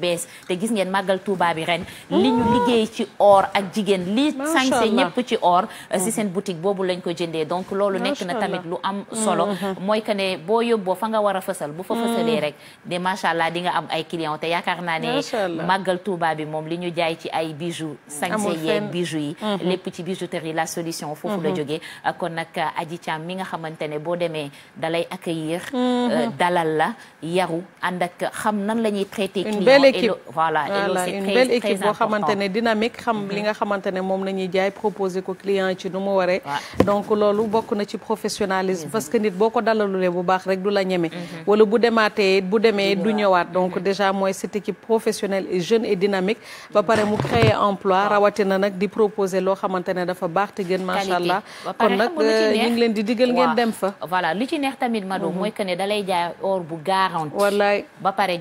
bees te gis ngeen màggal Touba bi ren li ñu liggéey ci oor ak jigéen li sañse ñëpp ci or euh, si mm-hmm. seen boutique boobu lañ ko jëndee donc loolu nekk na tamit lu am solo mm-hmm. mooy que ne boo yóbboo fa nga war a fësal bu fa fësalee mm-hmm. rek de macha allah di nga am ay client te yaakaar naa ne màggal Touba bi moom li ñu jaay ci ay bijoux sañse yeeg bijoux yi lépp ci bijouterie la solution foofu la jógee euh, kon nag euh, Adji Thiam mi nga xamante ne boo demee dalay accueillir dalal la yaru ànd la ñuy traité équipe voilà une belle équipe boo xamante ne dynamique xam mm-hmm. li nga xamante moom la ñuy jaay proposer ko client yi ci nu mu waree donc loolu bokk na ci professionnalisme mm-hmm. parce que nit boo ko dalalulee bu baax rek du la ñeme mm-hmm. wala bu demaatee bu demee du ñëwaat donc déjà mooy cette équipe professionnelle et jeune et dynamique ba pare mu créer emploi rawatina nag di proposer loo xamante ne dafa baax te gën macha allah kon nag euh, ñu ngi leen di digal ngeen dem fa voilà li ci neex tamit Mado mooy que ne dalay jaay or bu garanti wallaay ba pare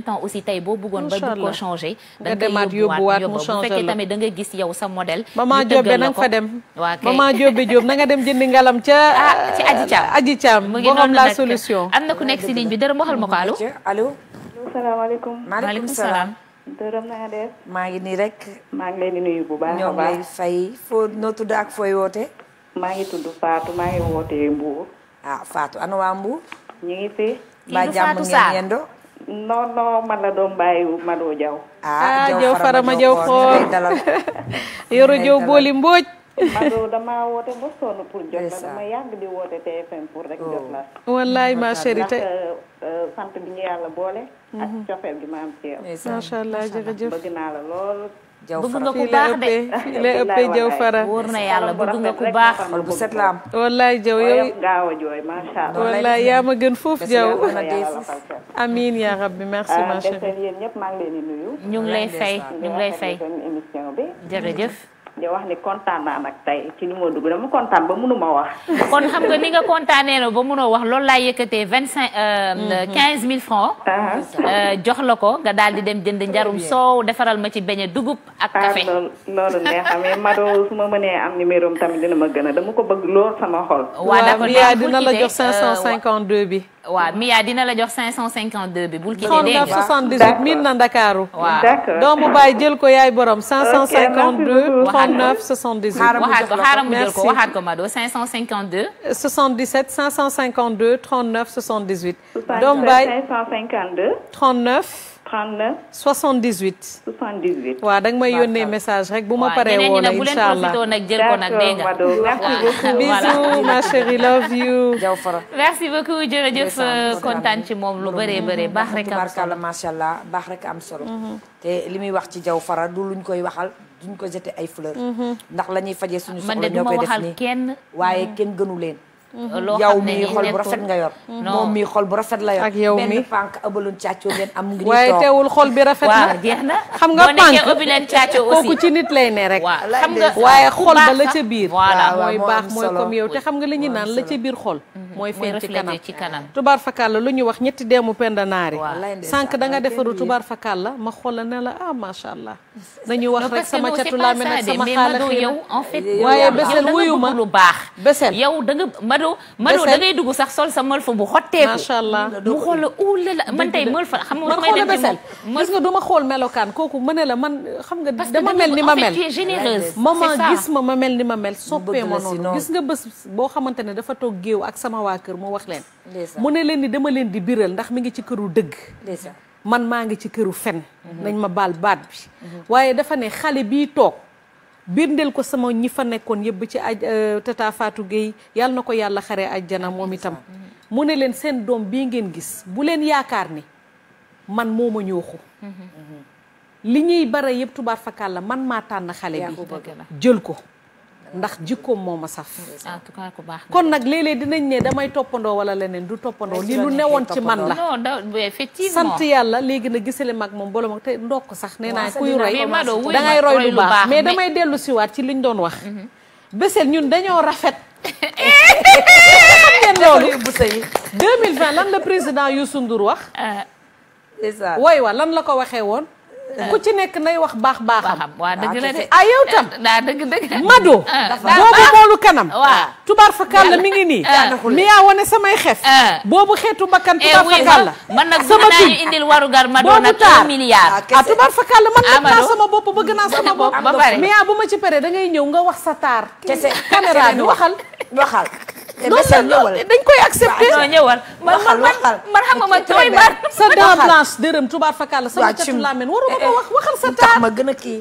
même temps tey boo bëggoon ba bëgg ko changer da nga yóbbuwaat mu changer bu fekkee da nga gis yow sa modèle ba Diobé na nga fa dem waa kay maman Diobé Diop na nga dem jëndi ngalam ca ah, ci Adji Thiam Adji Thiam mu ngi noonu la solution na ku nekk si ligne bi dërëm waxal ma ko allo allo salaamaaleykum maaleykum salaam dërëm maa ngi nii rek maa ngi leen di nuyu bu baax ñoom lay fay foo noo tudd ak fooy woote maa ngi tudd Fatou maa ngi wootee Mbour ah Fatou waa Mbour ñu ngi fi mbaa jàmm ngeen yendoo non non man la doom bàyyiwu Mado Jaw ah Jaw Farama Jaw xool yoro Jaw booli mbooj Mado damaa pour jot dama yàgg di woote TFM pour rek jot la wallaay ma chérie tey sant bi ñu yàlla boole ak cofeel gi ma am ci yow macha allah jërëjëf bëgg naa la lool jaw fara bëgg nga ku baax na yàlla bëgg nga ku baax bu set la am wallaay jaw yow gaaw a jooy macha allah yaa ma gën foofu jaw amiin yaa rabbi merci ah, ma chérie yéen ñëpp maa ñu ngi lay fay ñu ngi lay fay jërëjëf di wax ni kontaan naa nag tey ci ni wax. kon xam nga ni nga kontaanee na ba mënoo wax loolu laa yëkkatee vingt cinq euh, mhm. quinze mille francs. Ah. Euh, jox la ko nga daal di dem jënd njarum soow defaral ma ci beñe dugub ak ah, café. ah loolu neex na ma man am numéro am tamit dina ma gën a dama ko bëgg lool sama xol. waa d'accord dina la jox 552 bi. waaw Mia dina la jox 552 bi bul. kii dégg nga 79 miin na Ndakaaru. doomu baay jël ko yaay borom. 552 39 78. waxaat ko xaaral mu jël ko waxaat ko Mado 552. 77 552 39 78. doomu baay 39. 78. 78. waaw da nga may yónnee message rek bu ma paree woo la incha allah waaw ñeneen ñi nag bu leen profité nag jël ko nag dégg nga. merci beaucoup bisous merci beaucoup jërëjëf euh, kontaan ci moom lu bëree bëree mm-hmm. baax rek am solo macha allah baax rek am solo. Mm-hmm. te li muy wax ci jaw fara du luñ koy waxal. duñ ko jeté ay fleur mm-hmm. ndax la ñuy fajee suñu soxla ñoo koy def nii waaye kenn gënu leen Mhm. yow mii xol bu rafet nga yor moom mii xol bu rafet la yor ak yow mi benn pànk ëbbalun càccoo am ngi waaye teewul xol bi rafet na jeex na xam nga pànk ëbbi leen càccoo aussi kooku ci nit lay ne rek xam nga waaye xol ba la ca biir mooy baax mooy comme yow te xam nga li ñu naan la ca biir xol mm-hmm. mooy feeñ ci kanam tubaar fakal la lu ñu wax ñetti deemu penda naari sànq da nga defaru tubaar fakal la ma xoola ne la ah macha allah nañu wax rek sama catu laame nag sama xaala ma lu da da ngay sax sa malfa bu xotteeku macha allah mu xoola uula la oh man tey malfa xam nga man xoola besel gis nga du ma xool melokaan kooku mën ne la man xam nga dama mel ni ma mel maman gis ma ma mel ni ma mel soppee ma noonu gis nga bés boo xamante ne dafa toog géew ak sama waa waa kër mu wax leen mu ne leen ni dama leen di biral ndax mu ngi ci këru dëgg man maa ngi ci këru fen mhm. nañ ma baal baat bi mhm. waaye dafa ne xale bi toog birndeel ko sama ñi fa nekkoon yëpp ci aj euh, tata Fatou Gueye yàlla na ko yàlla xare ajjana moom itam mhm. mu ne leen seen doom bii ngeen gis bu leen yaakaar ni man moo ma ñooxu li ñuy bare yëpp tubaar fakal la man maa tànn xale bi jël ko ndax jikkoom moom a saf. en tout cas ku baax kon nag léeg-léeg dinañ ne damay toppandoo wala leneen du toppandoo. li lu woon ci man la sant yàlla léegi na gisale mag moom boole mag te ndokk sax nee naa kuy roy dangay ngay roy lu baax mais damay dellu siwaat ci liñ doon wax. Mhm. Bessél ñun dañoo rafet. xam ngeen loolu 2020 lan la président Youssou Ndour wax. Euh, c'est ça waaye wa lan la ko waxee woon. ku ci nekk nay wax baax baaxam. waaw dëgg la de ah yow tam. Eh, daa dëgg dëgg. mado. Ah, boobu moolu kanam. waaw ah, tubaar fa kàll mi ngi nii. mi yaa wane samay xef. Ah. boobu xeetu bakkan tubaar fa kàll. man nag bëgg naa ñu indil warugar mado nag un milliard. ah tubaar fa kàll man nag naa sama bopp bëgg naa sama bopp. ba pare mi yaa bu ma ci paree da ñëw nga wax sa taar. kese caméra bi waxal waxal. Eh, dañ koy accepté non ñëwal man man man xam nga man tooy man sa dent blanche dërëm tubaar fakal sama catu làmmiñ waruma ko wax waxal sa taar ma gën a kii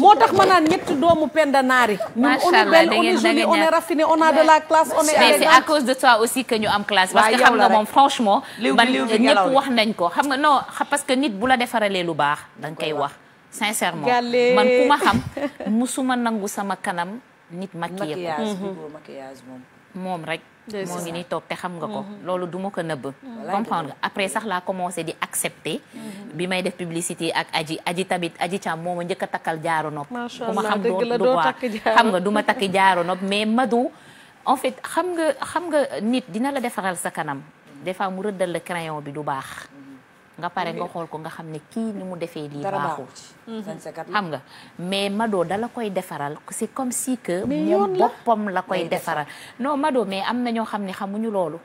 moo tax ma naan ñetti doomu penda naari ñun on est belle on est jolie on est raffiné on a de la classe on est élégant mais c'est à cause de toi aussi que ñu am classe parce que xam nga moom franchement man ñëpp wax nañ ko xam nga non parce que nit bu la defaralee lu baax danga koy wax sincèrement man ku ma xam musuma nangu sama kanam nit maquillé mhm. ko maquillage moom moom rek moo ngi ni toog te xam nga ko mm-hmm. loolu duma ko nëbb mm-hmm. comprendre nga après sax laa commencé di accepter mm-hmm. bi may def publicité ak aji aji tamit aji cam moom ma njëkk a takkal jaaro nopp ku ma xam doo xam nga du takk jaaro nopp mais madu en fait xam nga xam nga nit dina la defaral sa kanam des fois mu rëddal la crayon bi du baax nga pare nga xool ko nga xam ne kii ni mu defee lii baaxul mhm. xam nga mais Mado dala koy defaral si comme si que moom boppam la koy defaral non Mado mais am na ñoo xam ne xamuñu loolu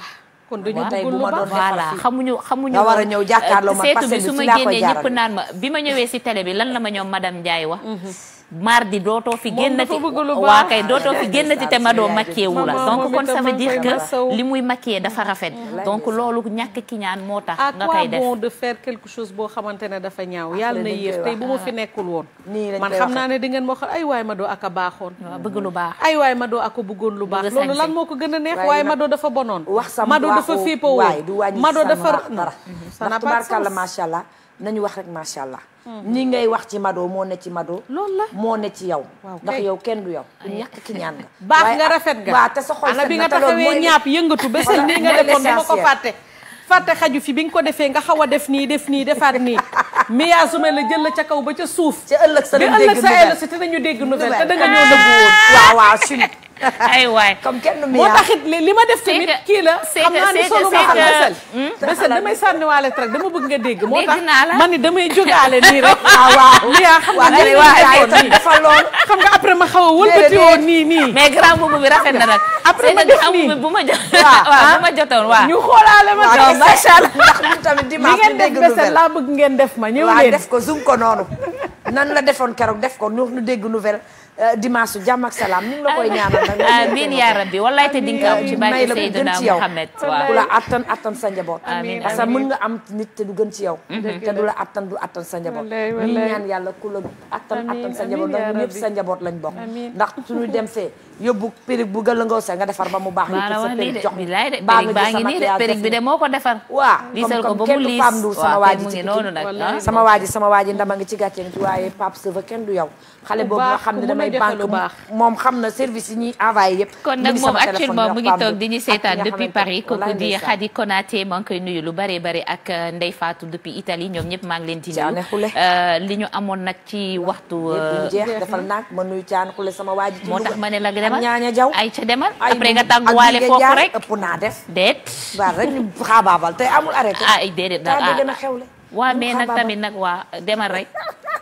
ah, kon dañu bëgg lu baax voilà xamuñu xamuñu war a ñëw jàkkaarloo euh, seetu bi su ma génnee ñëpp naan ma bi ma ñëwee si télé bi lan la ma ñoom madame Ndiaye wax mhm. mardi dootoo fi génnati waa kay dootoo fi génnati te madoo doo wu la donc kon ça veut dire que li muy maquillé dafa rafet mm-hmm. donc loolu ñàkk ki ñaan moo tax nga koy def à de faire quelque boo xamante ne dafa ñaaw ah, yàlla na yéex tey bu ma ah. fi nekkul woon man xam naa ne di ngeen moo xam ay waay ma doo ak a baaxoon bëgg lu baax ay waay ma doo ak a bëggoon lu baax loolu lan moo ko gën a neex waaye ma dafa bonoon ma doo dafa fiipoo woon ma doo dafa ndax tubaarkàlla macha allah nañu wax rek macha allah ñi mm-hmm. ngay wax ci Mado moo ne ci Mado. loolu la moo ne ci yow. ndax yow kenn du yow. ñàkk ki ñaan nga. baax nga rafet nga waaw te sa xol bi nga taxawee ñaap yëngatu ba seen nii nga defoon dama ko fàtte. fàtte xaju fi bi nga ko defee nga xaw a def nii def nii defaat nii miyaa su ma la jël la ca kaw ba ca suuf. ca ëllëg sa dégg nouvelle te ëllëg sa ëllëg si te dañu dégg nouvelle te danga ah! ñëw nëbbu woon. waaw waaw ay waay comme kenn moo taxit li ma def tamit kii la xam naa ni solo ma xam besel besel damay dama bëgg nga dégg moo tax man ni damay jógaale nii rek ah, waaw waaw li yaa xam nga nga après ma xaw a wëlbati woon nii nii mais grand boobu bi rafet na après ma def nii bu ma jot waaw bu ah. ma jotoon waaw ñu xoolaale ma tamit macha allah ndax ñu tamit def laa bëgg ngeen def ma ñëw leen def ko zoom ko noonu nan la defoon keroog def ko ñu dégg nouvelle Euh, dimanche jàmm ak salaam ñu ngi la koy ñaanal nag. amiin yaa rabbi wallaay te dinga am ci barke Seydina Muhammad waaw ku la attan attan sa njaboot. amiin parce que nga am nit te du gën ci yow. te du la attan du attan sa njaboot. ñu ñaan yàlla ku la attan attan sa njaboot ndax ñëpp sa njaboot lañ bokk. ndax suñu dem fee yóbbu périg bu gëla ngaw se nga defar ba mu baax. maanaam wax nii de bilaay de périg baa ngi nii de périg bi de moo ko defar. waaw liisal ko ba mu liis waaw te mu ngi noonu nag ah. sama waaji sama waaji ndama ngi ci gàcce ngi ci waaye Pape Seve kenn du yow envoyé banque moom di ñu seetaan depuis Paris kooku di Khady Konaté maa ngi koy nuyu lu bare bare ak euh, Ndeye Fatou depuis Italie ñoom ñëpp maa ngi leen di nuyu. Euh, li ñu amoon nag ci waxtu. Euh, jeex defal naag ma nuyu Thian Khoule sama waa ji. moo tax ma ne la demal ñaaña jaw ay ca demal. après nga tànguwaale foofu rek ëpp naa def. déet. waaw rek ñu xaabaabal tey amul arrêté. ah déedéet daal ah, ah. xewle. waaw mais nag tamit nag waa demal rek.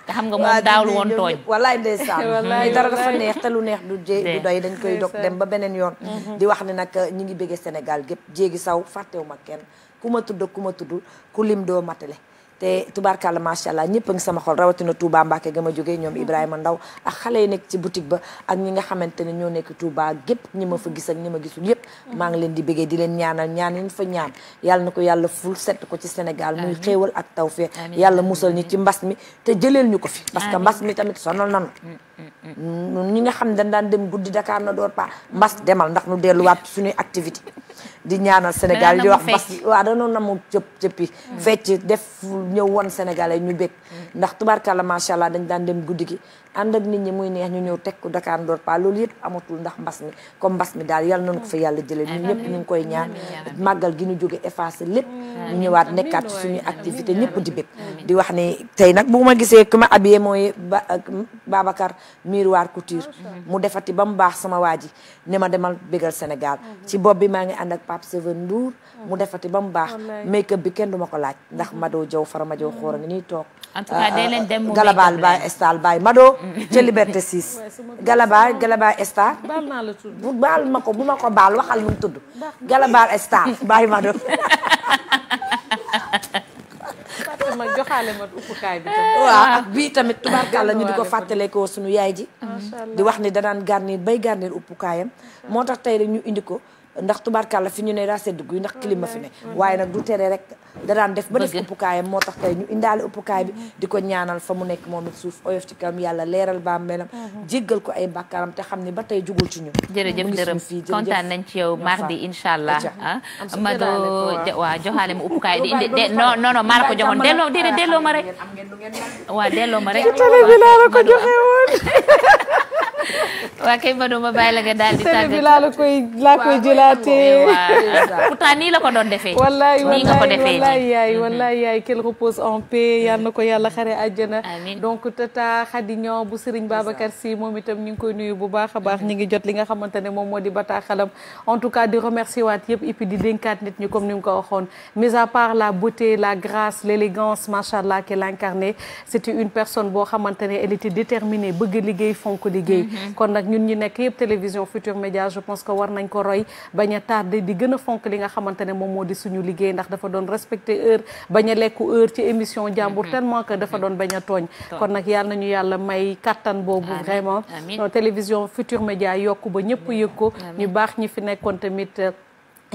te xam nga moom daawul woon tooñ. wallaay ndeysaan wallaay dara dafa neex te lu neex du jé dañ koy dog dem ba beneen yoon. Mhm. di wax ne nag ñi ngi bëggee Sénégal gépp jéegi saw fàttewu ma kenn ku ma tudd ku ma tudd ku lim doo matale. te tubaarkàlla macha allah ñëpp a ngi sama xol rawatina Touba Mbacke ga ma jógee ñoom Ibrahima Ndaw ak xale yi nekk ci boutique ba ak ñi nga xamante ne ñoo nekk Touba gépp ñi ma fa gis ak ñi ma gisul yëpp maa ngi leen di bëggee di leen ñaanal ñaan leen fa ñaan yàlla na ko yàlla ful set ko ci Sénégal muy xéewal ak tawfeex yàlla musal ñi ci mbas mi te jëleel ñu ko fi parce que mbas mi tamit sonal nanu ñi nga xam dañ daan dem guddi Dakar na door pa mbas demal ndax nu delluwaat suñuy activité di ñaanal Sénégal di wax bas waaw danoon na mu cëpp cëppi mm. fecc def ñëw won sénégalais ñu bég mm. ndax la macha allah dañ daan dem guddi gi ànd ak nit ñi muy neex ñu ñëw teg ko Dakar Ndor pa loolu yëpp amatul ndax mbas mi comme mbas mi daal yàlla nañu ko fa yàlla jëlee ñun ñëpp ñu ngi koy ñaan màggal gi ñu jóge effacé lépp ñëwaat nekkaat ci suñuy activité ñëpp di bég di wax ni tey nag bu ma gisee ku ma habillé mooy Babacar Miroir Couture mu defati ba mu baax sama waa ji ne ma demal bégal Sénégal mm-hmm. Pape Seven Ndour mu defati ba mu baax make up bi kenn du ma ko laaj mhm. ndax Mado Jaw fara Mado xoor a ngi nii toog en tout cas day leen dem Galabaal Baay Estal Baay Mado mhm. ca Liberté 6 Galabaal Galabaal naa la tudd bu baal ma ko bu ma ko baal waxal nu mu tudd Galabaal Estal Baay Mado ma joxaale ma uppukaay bi tam. waaw ñu di ko fàttale ko suñu yaay ji. di wax ni danaan garnir bay garnir uppukaayam. moo tax tey rek ñu indi ko ndax tubaarkàlla fi ñu ne daa sedd guy ndax climat fi ne waaye nag du tere rek da daan def ba def ëppukaayam moo tax tey ñu indaale ëppukaay bi di ko ñaanal fa mu nekk moom it suuf oyof ci kam yàlla leeral baam bàmmeelam mhm. jiggal ko ay bàkkaaram te xam ne ba tey jugul ci ñun jërëjëf dërëm kontaan nañ ci yow mardi incha allah ah Mado waaw joxaale ma ëppukaay di indi non non non maa la ko joxoon delloo déedéet mara ma rek waaw delloo ma rek ci télé bi ko joxe woon waa kay Mado ma bàyyi la nga daal di. tàggat bi laa la koy laa koy jëlaatee. pourtant nii la ko doon defee. wallaay yaay mhm. wallaay yaay qu'elle repose en paix yal na ko yàlla xare àjjana. amiin donc tata Khady Niang bu Serigne Babacar Sy moom itam ñu ngi koy nuyu bu baax baax ñu ngi jot li nga xamante ne moom moo di bataaxalam en tout cas di remercier waat yëpp et di dénkaat nit ñi comme ni mu ko waxoon mis à part la beauté la grâce l'élégance macha allah qu'elle incarnait c'était une personne boo xamante ne elle était déterminée bëgg liggéey fonk liggéey. Mm-hmm. kon nag ñun ñi nekk yëpp télévision Futur Média je pense que war nañ ko roy bañ a di gën a fonk li nga xamante ne moom moo di suñu liggéey ndax dafa doon respecté heure baña a lekku heure ci émission jàmbur mm-hmm. tellement que dafa doon bañ a tooñ mm-hmm. kon nag yàlla nañu yàlla may kattan boobu vraiment télévision Futur Média yokku ba ñëpp yëg ko ñu baax ñi fi nekkoon tamit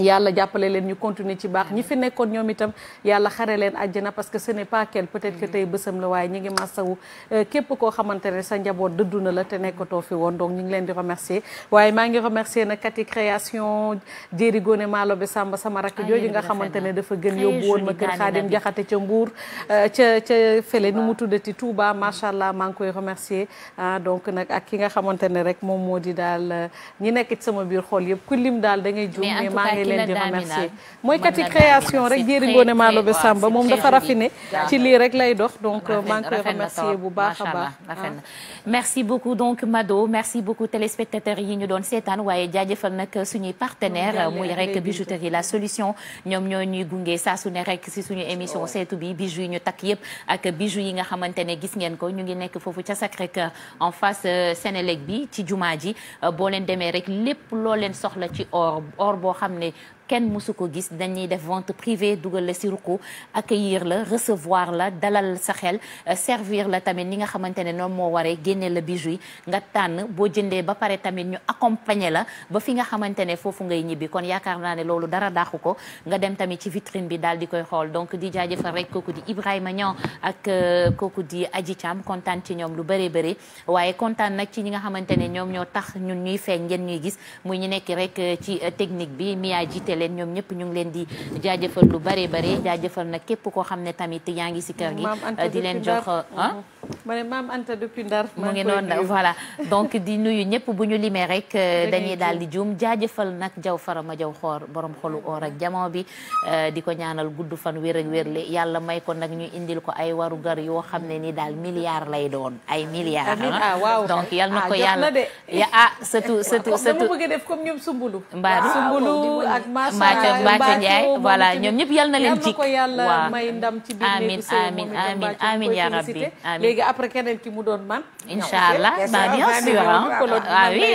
yàlla jàppale leen ñu continuer ci baax ñi fi nekkoon ñoom itam yàlla xare leen àjjana parce que ce n'est pas kenn peut-être que tey bësam la waaye ñi ngi masawu euh, képp koo xamante ne sa njaboot dëddu na la te nekkatoo fi woon donc ñi ngi leen di remercier waaye maa ngi remercier nag Kati Samba sama rakk jooju nga xamante ne dafa gën yóbbu woon ma kër Xaadim Jaxate ca Mbuur euh, ca ca fële nu mu tuddati Touba macha allah maa ngi koy remercier ah donc nag ak ki nga xamante ne rek moom moo di daal euh, ñi nekk sama biir xool yëpp ku lim daal da leen di remercier mooy kati création rek jéeri ngoone Malobe Samba moom dafa raffiné ci lii rek lay dox donc maa ngi koy remercier bu baax a baax ah. merci beaucoup donc Mado merci beaucoup téléspectateurs yi ñu doon seetaan waaye jaajëfal nag suñuy partenaire muy rek bijouterie la solution ñoom ñoo ñuy gunge saa su ne rek si suñu émission seetu bi bijoux yi ñu takk yëpp ak bijoux yi nga xamante ne gis ngeen ko ñu ngi nekk foofu ca Sacré-Cœur en face euh, Sénélec bi ci jumaa ji euh, boo leen demee rek lépp loo leen soxla ci boo xam kenn mësu ko gis dañuy def vente privée dugal la si ak accueillir la recevoir la dalal sa xel euh, servir la tamit ni nga xamante ne noonu moo waree génne la bijou yi nga tànn boo jëndee ba pare tamit ñu accompagner la ba fi nga xamante ne foofu ngay ñibbi kon yaakaar naa ne loolu dara daaxu ko nga dem tamit ci vitrine bi daal di koy xool donc di jaajëfal kooku di Ibrahima Niang ak euh, kooku di Adji kontaan ci ñoom lu bëree bëri waaye kontaan nag ci ñi nga xamante ne ñoom ñoo tax ñun ñuy feeñ ngeen ñuy gis muy ñu nekk rek euh, ci technique bi Mia leen ñoom ñëpp ñu ngi leen di jaajëfal lu bare bare jaajëfal nag képp koo xam ne tamit yaa ngi si kër gi euh, di leen jox ah? mhm. ma ne maam Anta depuis Ndar mu ngi noonu voilà donc di nuyu ñëpp bu ñu limee rek euh, dañuy daal di juum jaajëfal nag jaw farama jaw xoor borom xolu oor ak jamono bi euh, di ko ñaanal gudd fan wér ak wérle yàlla may ko nag ñu indil ko ay warugar yoo xam ne ni daal milliards lay doon ay milliards ah. Ah, donc yal na ko yàlla ah surtout surtout surtout mbaa sumbulu Mbacco Mbacco Ndiaye voilà ñoom ñëpp yal na leen jik waaw amiin amiin amiin amiin yaa rabbi amiin léegi après keneen ki mu doon man incha allah bah bien sûr ah oui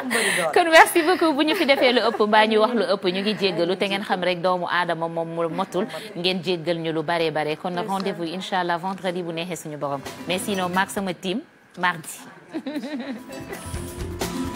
kon merci bu ñu fi defee lu ëpp mbaa ñu wax lu ëpp ñu ngi jéggalu te ngeen xam rek doomu aadama moom moo motul ngeen jéggal ñu lu bare bare kon na rendez-vous yi incha allah vendredi bu neexee suñu borom mais sinon maak sama team mardi